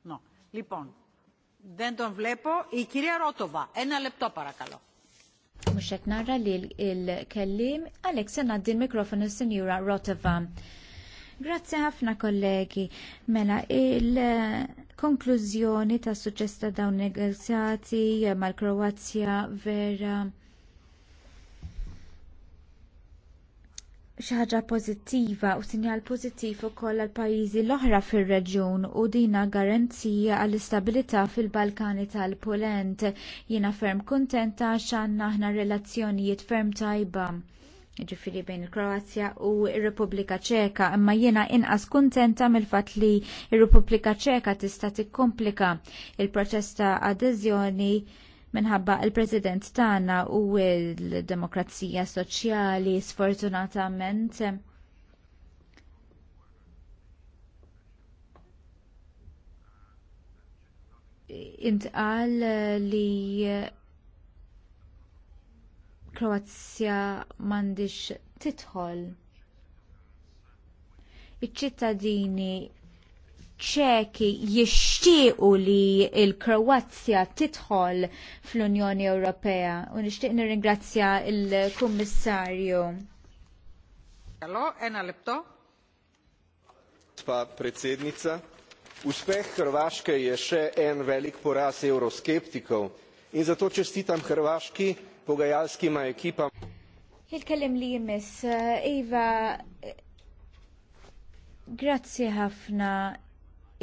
No, lipon. Δεν τον βλέπω. Η κυρία Ρότοβα. Ένα λεπτό παρακαλώ. Mux qed narra li l-kellim Alex se ngħaddi l-mikrofonu sinjura Rotova. Grazzi ħafna kollegi. Mela il- konklużjoni ta' suċċess ta' dawn negozjati mal-Kroazja vera xi ħaġa pożittiva u sinjal pożittiv ukoll għal pajjiżi l-oħra fir-reġjun u dina garanzija għall istabilità fil-Balkani tal-Polent. Jiena ferm kuntenta għandna aħna relazzjonijiet ferm tajba ġifiri bejn il-Kroazja u il-Repubblika ċeka, imma jiena inqas kuntenta mill-fat li il-Repubblika ċeka tista' tikkomplika il-proċess ta' adeżjoni minħabba il-President tagħna u l-demokrazija soċjali sfortunatament. Intqal li Kroazja m'għandix tidħol. Iċ-ċittadini ċeki jixtiequ li l kroazja tidħol fl-Unjoni Ewropea u nixtieq nirringrazzja l kummissarju Gospa predsednica, uspeh Hrvaške je še en velik poraz evroskeptikov in zato čestitam Hrvaški Pugajalski ma' ekipa. Il-kellim li jimmis, eh, Iva, eh, grazzi ħafna.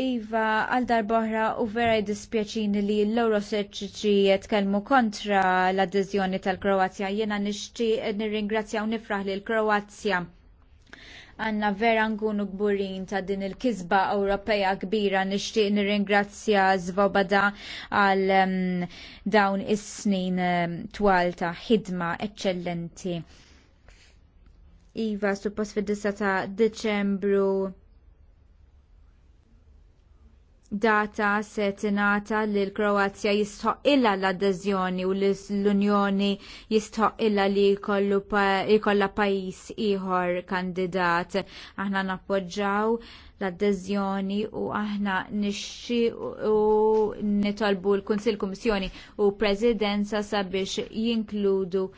Iva, għal darboħra u vera dispjaċini li l-Euroseċċi jetkelmu kontra l-adizjoni tal-Kroazja. Jena nixti nirringrazzja u nifraħ li l-Kroazja għanna vera nkunu gburin ta' din il-kizba Ewropea kbira nixtieq nirringrazzja Zvobada għal um, dawn is-snin um, twal ta' ħidma eċċellenti. Iva, suppost fid-disa ta' Deċembru data se tingħata li l-Kroazja jistħoq illa l-adeżjoni u l-Unjoni jistħoq illa li jkollha pajjiż ieħor kandidat. Aħna nappoġġaw l-adeżjoni u aħna nixxi u nitolbu l-Kunsill Kummissjoni u Presidenza sabiex jinkludu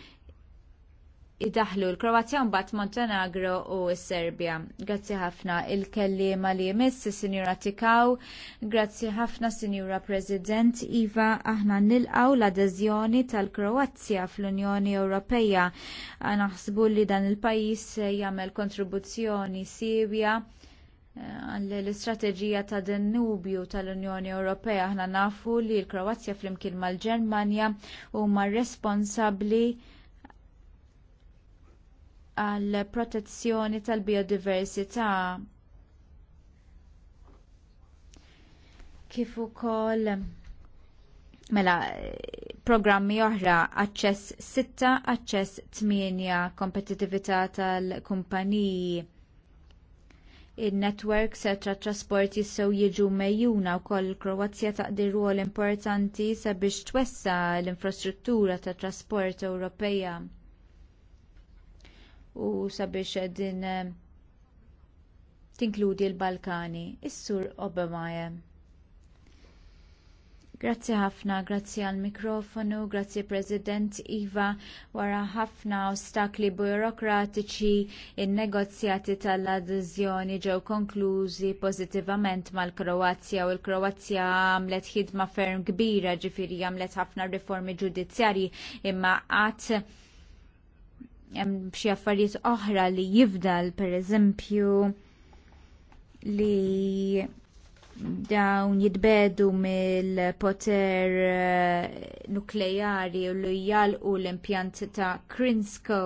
idaħlu l-Kroazja mbagħad Montenegro u s-Serbja. Grazzi ħafna il-kellima li jmiss sinjura Tikaw, grazzi ħafna Sinjura President Iva aħna nilqaw l-adeżjoni tal-Kroazja fl-Unjoni Ewropea. Naħsbu li dan il-pajjiż jagħmel kontribuzzjoni sivja eh, l-istrateġija ta' Danubju tal-Unjoni Ewropea aħna nafu li l-Kroazja flimkien mal-Ġermanja huma responsabbli għall protezzjoni tal-biodiversità. Kif ukoll mela programmi oħra aċċess 6, aċċess 8, kompetitività tal-kumpaniji. In-netwerk se tra trasport jistgħu jiġu mejjuna wkoll il-Kroazja taqdir rwol importanti sabiex twessa l-infrastruttura tat trasport Ewropea u sabiex din eh, tinkludi l-Balkani. Is-sur Obamaja. Grazzi ħafna, grazzi għal mikrofonu, grazzi President Iva, wara ħafna ostakli burokratiċi il negozjati tal-adżjoni ġew konklużi pożittivament mal-Kroazja u l-Kroazja għamlet ħidma ferm kbira ġifieri għamlet ħafna riformi ġudizzjarji imma qatt hemm xi affarijiet oħra li jifdal pereżempju li dawn jitbedu mill-poter eh, nukleari u li jgħalqu l-impjant ta' Krinsko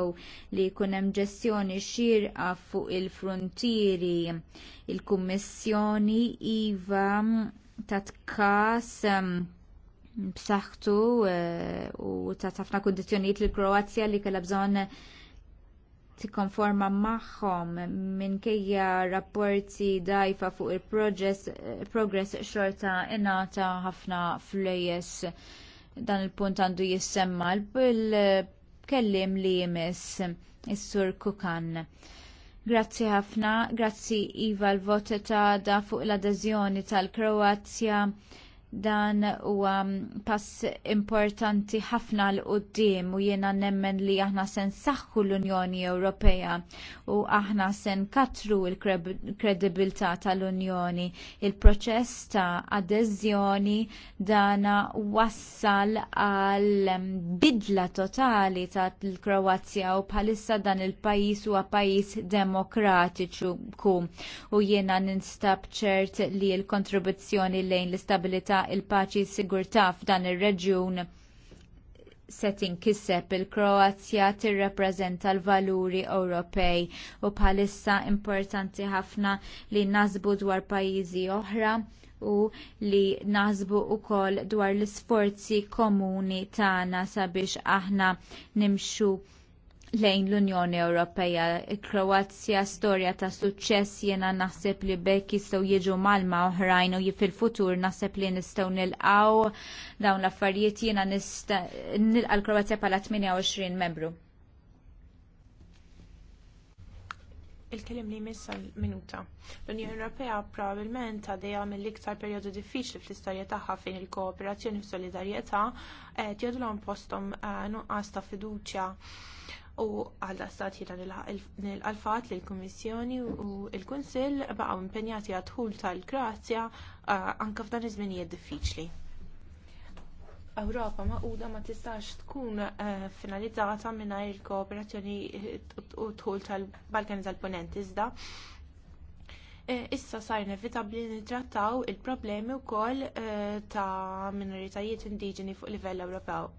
li jkun hemm ġestjoni xirqa fuq il-frontieri. Il-Kummissjoni IVA tat kas b'saħħtu eh, u ta' ħafna kundizzjonijiet lill Kroazja li kellha bżonn tikkonforma magħhom minkejja rapporti dgħajfa fuq il-progress eh, xorta ngħata ħafna flejes dan il-punt għandu jissemma l-kellim li jmiss is-sur Kukan. Grazzi ħafna, grazzi Iva l-vot ta' da fuq l-adeżjoni tal-Kroazja dan huwa mm, pass importanti ħafna l quddiem u jiena nemmen li aħna se nsaħħu l-Unjoni Ewropea u aħna se nkatru l kredibilità tal-Unjoni. Il-proċess ta' adeżjoni dana wassal għal mm, bidla totali tal-Kroazja u bħalissa dan il-pajis huwa pajis demokratiċu u jiena ninstab ċert li l-kontribuzzjoni lejn l-istabilità il-paċi s-sigurtà f'dan ir-reġjun se tinkiseb il-Kroazja tirrappreżenta l-valuri Ewropej u bħalissa importanti ħafna li nasbu dwar pajjiżi oħra u li naħsbu wkoll dwar l isforzi komuni tagħna sabiex aħna nimxu lejn l-Unjoni Ewropea. Kroazja storja ta' suċċess jiena naħseb li bekk jistgħu jiġu malma oħrajn u fil-futur naħseb li nistgħu nilqgħu dawn l-affarijiet jiena nilqa' l-Kroazja bħala 28 membru. il-kelim li jmissa minuta. L-Unjoni Ewropea probabbilment għaddejja mill-iktar perjodu diffiċli fl-istorja tagħha fejn il-kooperazzjoni u solidarjetà qed eh, jodlhom postom eh, nuqqas ta' fiduċja u għalda stat jina nil-alfat li l kummissjoni u l-Kunsil baqgħu impenjati għadħul tal-Kroazja anke f'dan iż-żminijiet diffiċli. Ewropa maquda ma tistax tkun finalizzata mingħajr il-kooperazzjoni u tħul tal-Balkani tal-Ponent iżda Eh, issa sar inevitabli nitrattaw il-problemi wkoll eh, ta' minoritajiet indiġeni fuq livell Ewropew.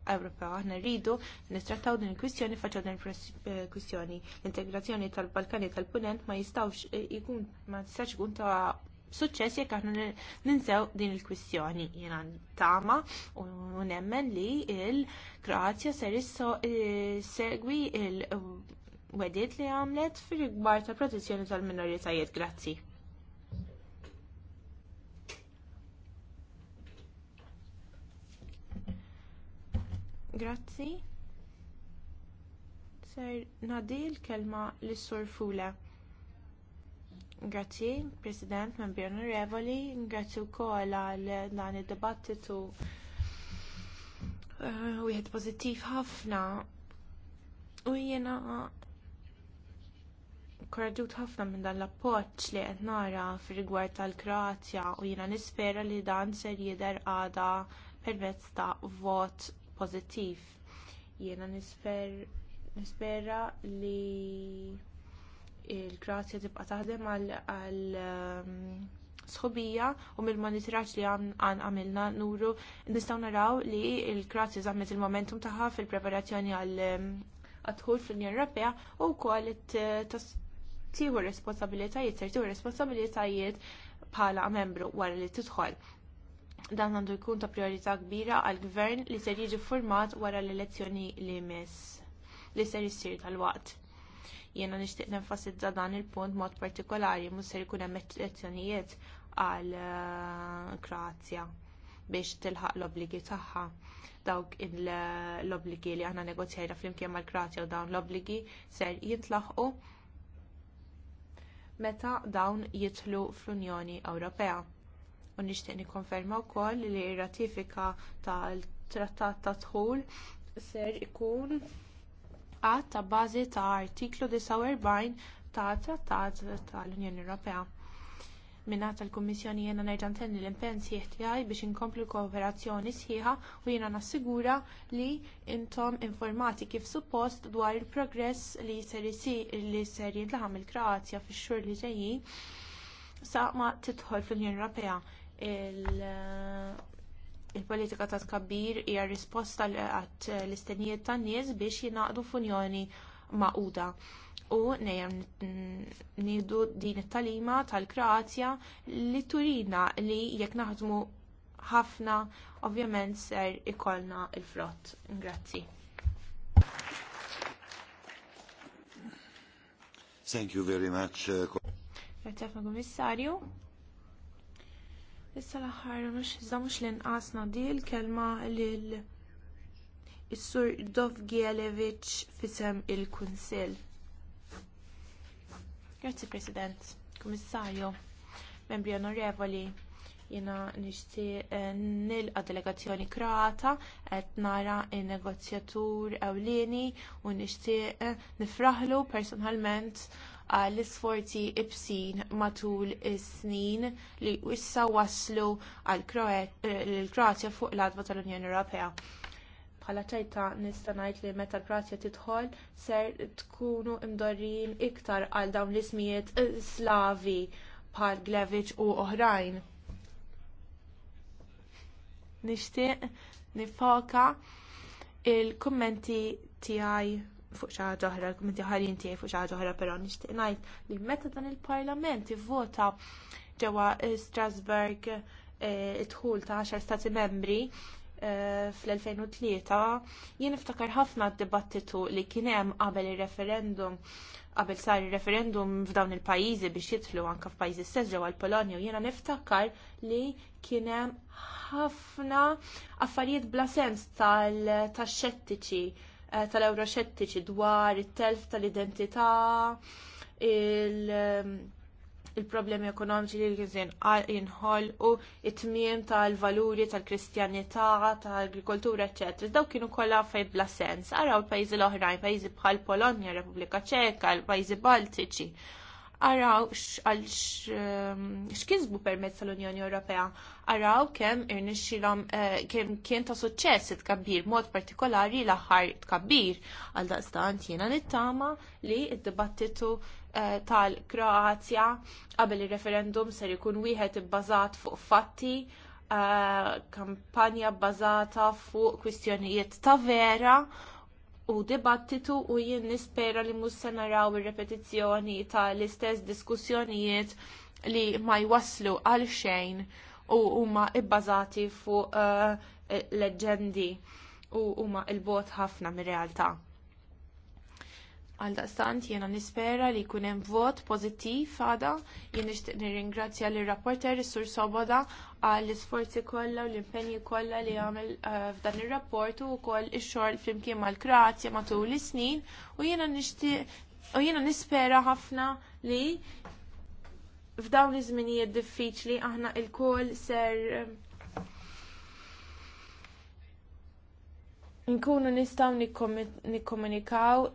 Aħna rridu nittrattaw din il-kwistjoni faċċa din il-kwistjoni. Eh, L-integrazzjoni tal-Balkani tal-Punent ma jistawx ikun ma tistax ikun ta' suċċess jekk aħna ninsew din il-kwistjoni. Jiena tama u nemmen li il-Kroazja ser isso segwi il li għamlet fil-gbar tal protezzjoni tal-minoritajiet. Grazzi. Grazzi. Ser nadil kelma lis-Sur Fula. Grazzi, President, membri onorevoli, grazzi wkoll għal dan id dibattitu eh, wieħed pożittiv ħafna. U jiena korraġut ħafna minn dan l-appoġġ li qed nara fir-rigward tal-Kroatja u jiena nispera li dan ser jidher għada permezz ta' vot pożittiv. Jiena nisper, nispera li il grazja tibqa' taħdem għal um, sħobija u mill-monitoraġġ li għan għamilna nuru nistgħu naraw li l grazja żammet il-momentum tagħha fil-preparazzjoni għal um, dħul fl-Unjoni Ewropea u wkoll tieħu responsabilitajiet, ser tieħu responsabilitajiet bħala membru wara li tidħol. Dan għandu jkun ta' priorità kbira għall gvern li ser jiġi format wara l-elezzjoni li jmiss li ser jissir tal-waqt. Jiena nixtieq nenfasizza dan il-punt mod partikolari mhux ser ikun hemm elezzjonijiet għal eh, Kroazja biex tilħaq l obbligi tagħha. Dawk l obbligi li aħna negozjajna flimkien mal-Kroatja u dawn l obbligi ser jintlaħqu meta dawn jidħlu fl-Unjoni Ewropea u nixtieq nikkonferma wkoll li r-ratifika tal-Trattat ta' Dħul ser ikun għad ta' bażi ta' artiklu 49 tat Trattat tal-Unjoni Ewropea. Minna tal-Kummissjoni jiena nerġa' ntenni l-impenn sieħ tiegħi biex inkomplu kooperazzjoni sħiħa u jiena nassigura li intom informati kif suppost dwar il-progress li ser li ser jintlaħam il-Kroazja fix-xhur li ġejjin sa ma tidħol fl-Unjoni Ewropea. Eh, il-politika ta' tkabbir hija risposta għat l-istennijiet tan-nies biex jingħaqdu f'unjoni maquda. U nejjem nieħdu din it-talima tal-Kroatja li turina li jekk naħdmu ħafna ovvjament ser ikollna l frott Grazzi. Thank you very much. Uh, Grazie ħafna Kummissarju. Issa l-aħħar mhux iżda mhux l-inqas nadi l-kelma lil is-Sur Dovgielevich fisem il-Kunsill. Grazzi President, Kummissarju, membri onorevoli, jina nixtieq eh, nilqa delegazzjoni Kroata qed nara n-negozjatur ewlieni u nixtieq eh, nifraħlu personalment għall-isforzi ibsin matul is-snin li issa waslu għall-Kroatja eh, fuq l-adva tal-Unjoni Ewropea. Bħala ċajta nista' ngħid li meta l-Kroatja tidħol ser tkunu imdorrin iktar għal dawn l-ismijiet eh, slavi bħal Glevic u oħrajn. Nixtieq nifoka il-kummenti tiegħi fuq xi ħaġa oħra, kumenti ħarin tiegħi fuq xi ħaġa oħra, però nixtieq ngħid li meta dan il-Parlament ivvota ġewwa eh, Strasburg eh, id-dħul ta' 10 stati membri eh, fl-2003 jien iftakar ħafna d-dibattitu li kien hemm qabel ir-referendum qabel sar il-referendum f'dawn il-pajjiżi biex jidħlu anke f'pajjiżi stess ġewwa l-Polonja jiena niftakar li kien hemm ħafna affarijiet bla sens tal-xettiċi Eh, tal-euroxettiċi dwar it-telf tal-identità, ehm, il-problemi ekonomiċi li għizin jinħol u it-tmiem tal-valuri tal-kristjanità, tal-agrikoltura, ecc. Daw kienu kolla fejn bla sens. Araw il pajzi l-oħrajn, pajzi bħal Polonja, Repubblika Ċeka, l-pajzi Baltiċi għaraw għal ehm, x'kisbu permezz tal-Unjoni Ewropea, araw kemm irnexxilhom eh, kemm kien ta' suċċess it-tkabbir mod partikolari l-aħħar tkabbir għal daqstant jiena nittama li d-dibattitu eh, tal-Kroazja qabel ir-referendum ser ikun wieħed ibbażat fuq fatti eh, kampanja bbażata fuq kwistjonijiet ta' vera u dibattitu u jien nispera li mhux se naraw ir-repetizzjoni tal-istess diskussjonijiet li ma jwaslu għal xejn u huma ibbażati fuq uh, leġendi u huma il-bot ħafna mir-realtà. Għal daqstant jena nispera li jkun hemm vot pożittiv għada jien nixtieq nirringrazzja lir rapporter is-Sur Soboda għall isforzi kollha u l-impenji kollha li għamel eh, f'dan ir-rapport u wkoll ix-xogħol flimkien mal-Kroazja matul is-snin u jiena nixtieq u jiena nispera ħafna li f'dawn iż-żminijiet diffiċli aħna lkoll ser eh, nkunu nistgħu nikkomunikaw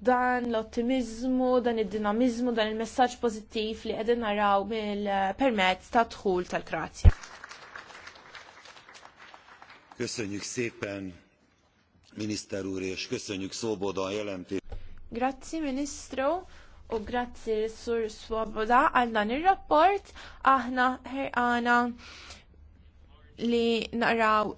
dan l-ottimizmu, dan id-dinamizmu, dan il-messaġġ pozittiv li qegħdin naraw mill-permezz ta' dħul tal-Kroazja. Köszönjük szépen, miniszter úr, és köszönjük Szoboda a jelentést. Grazzi, Ministru, u grazzi Sur Swoboda għal dan ir-rapport. Aħna ħerqana li naraw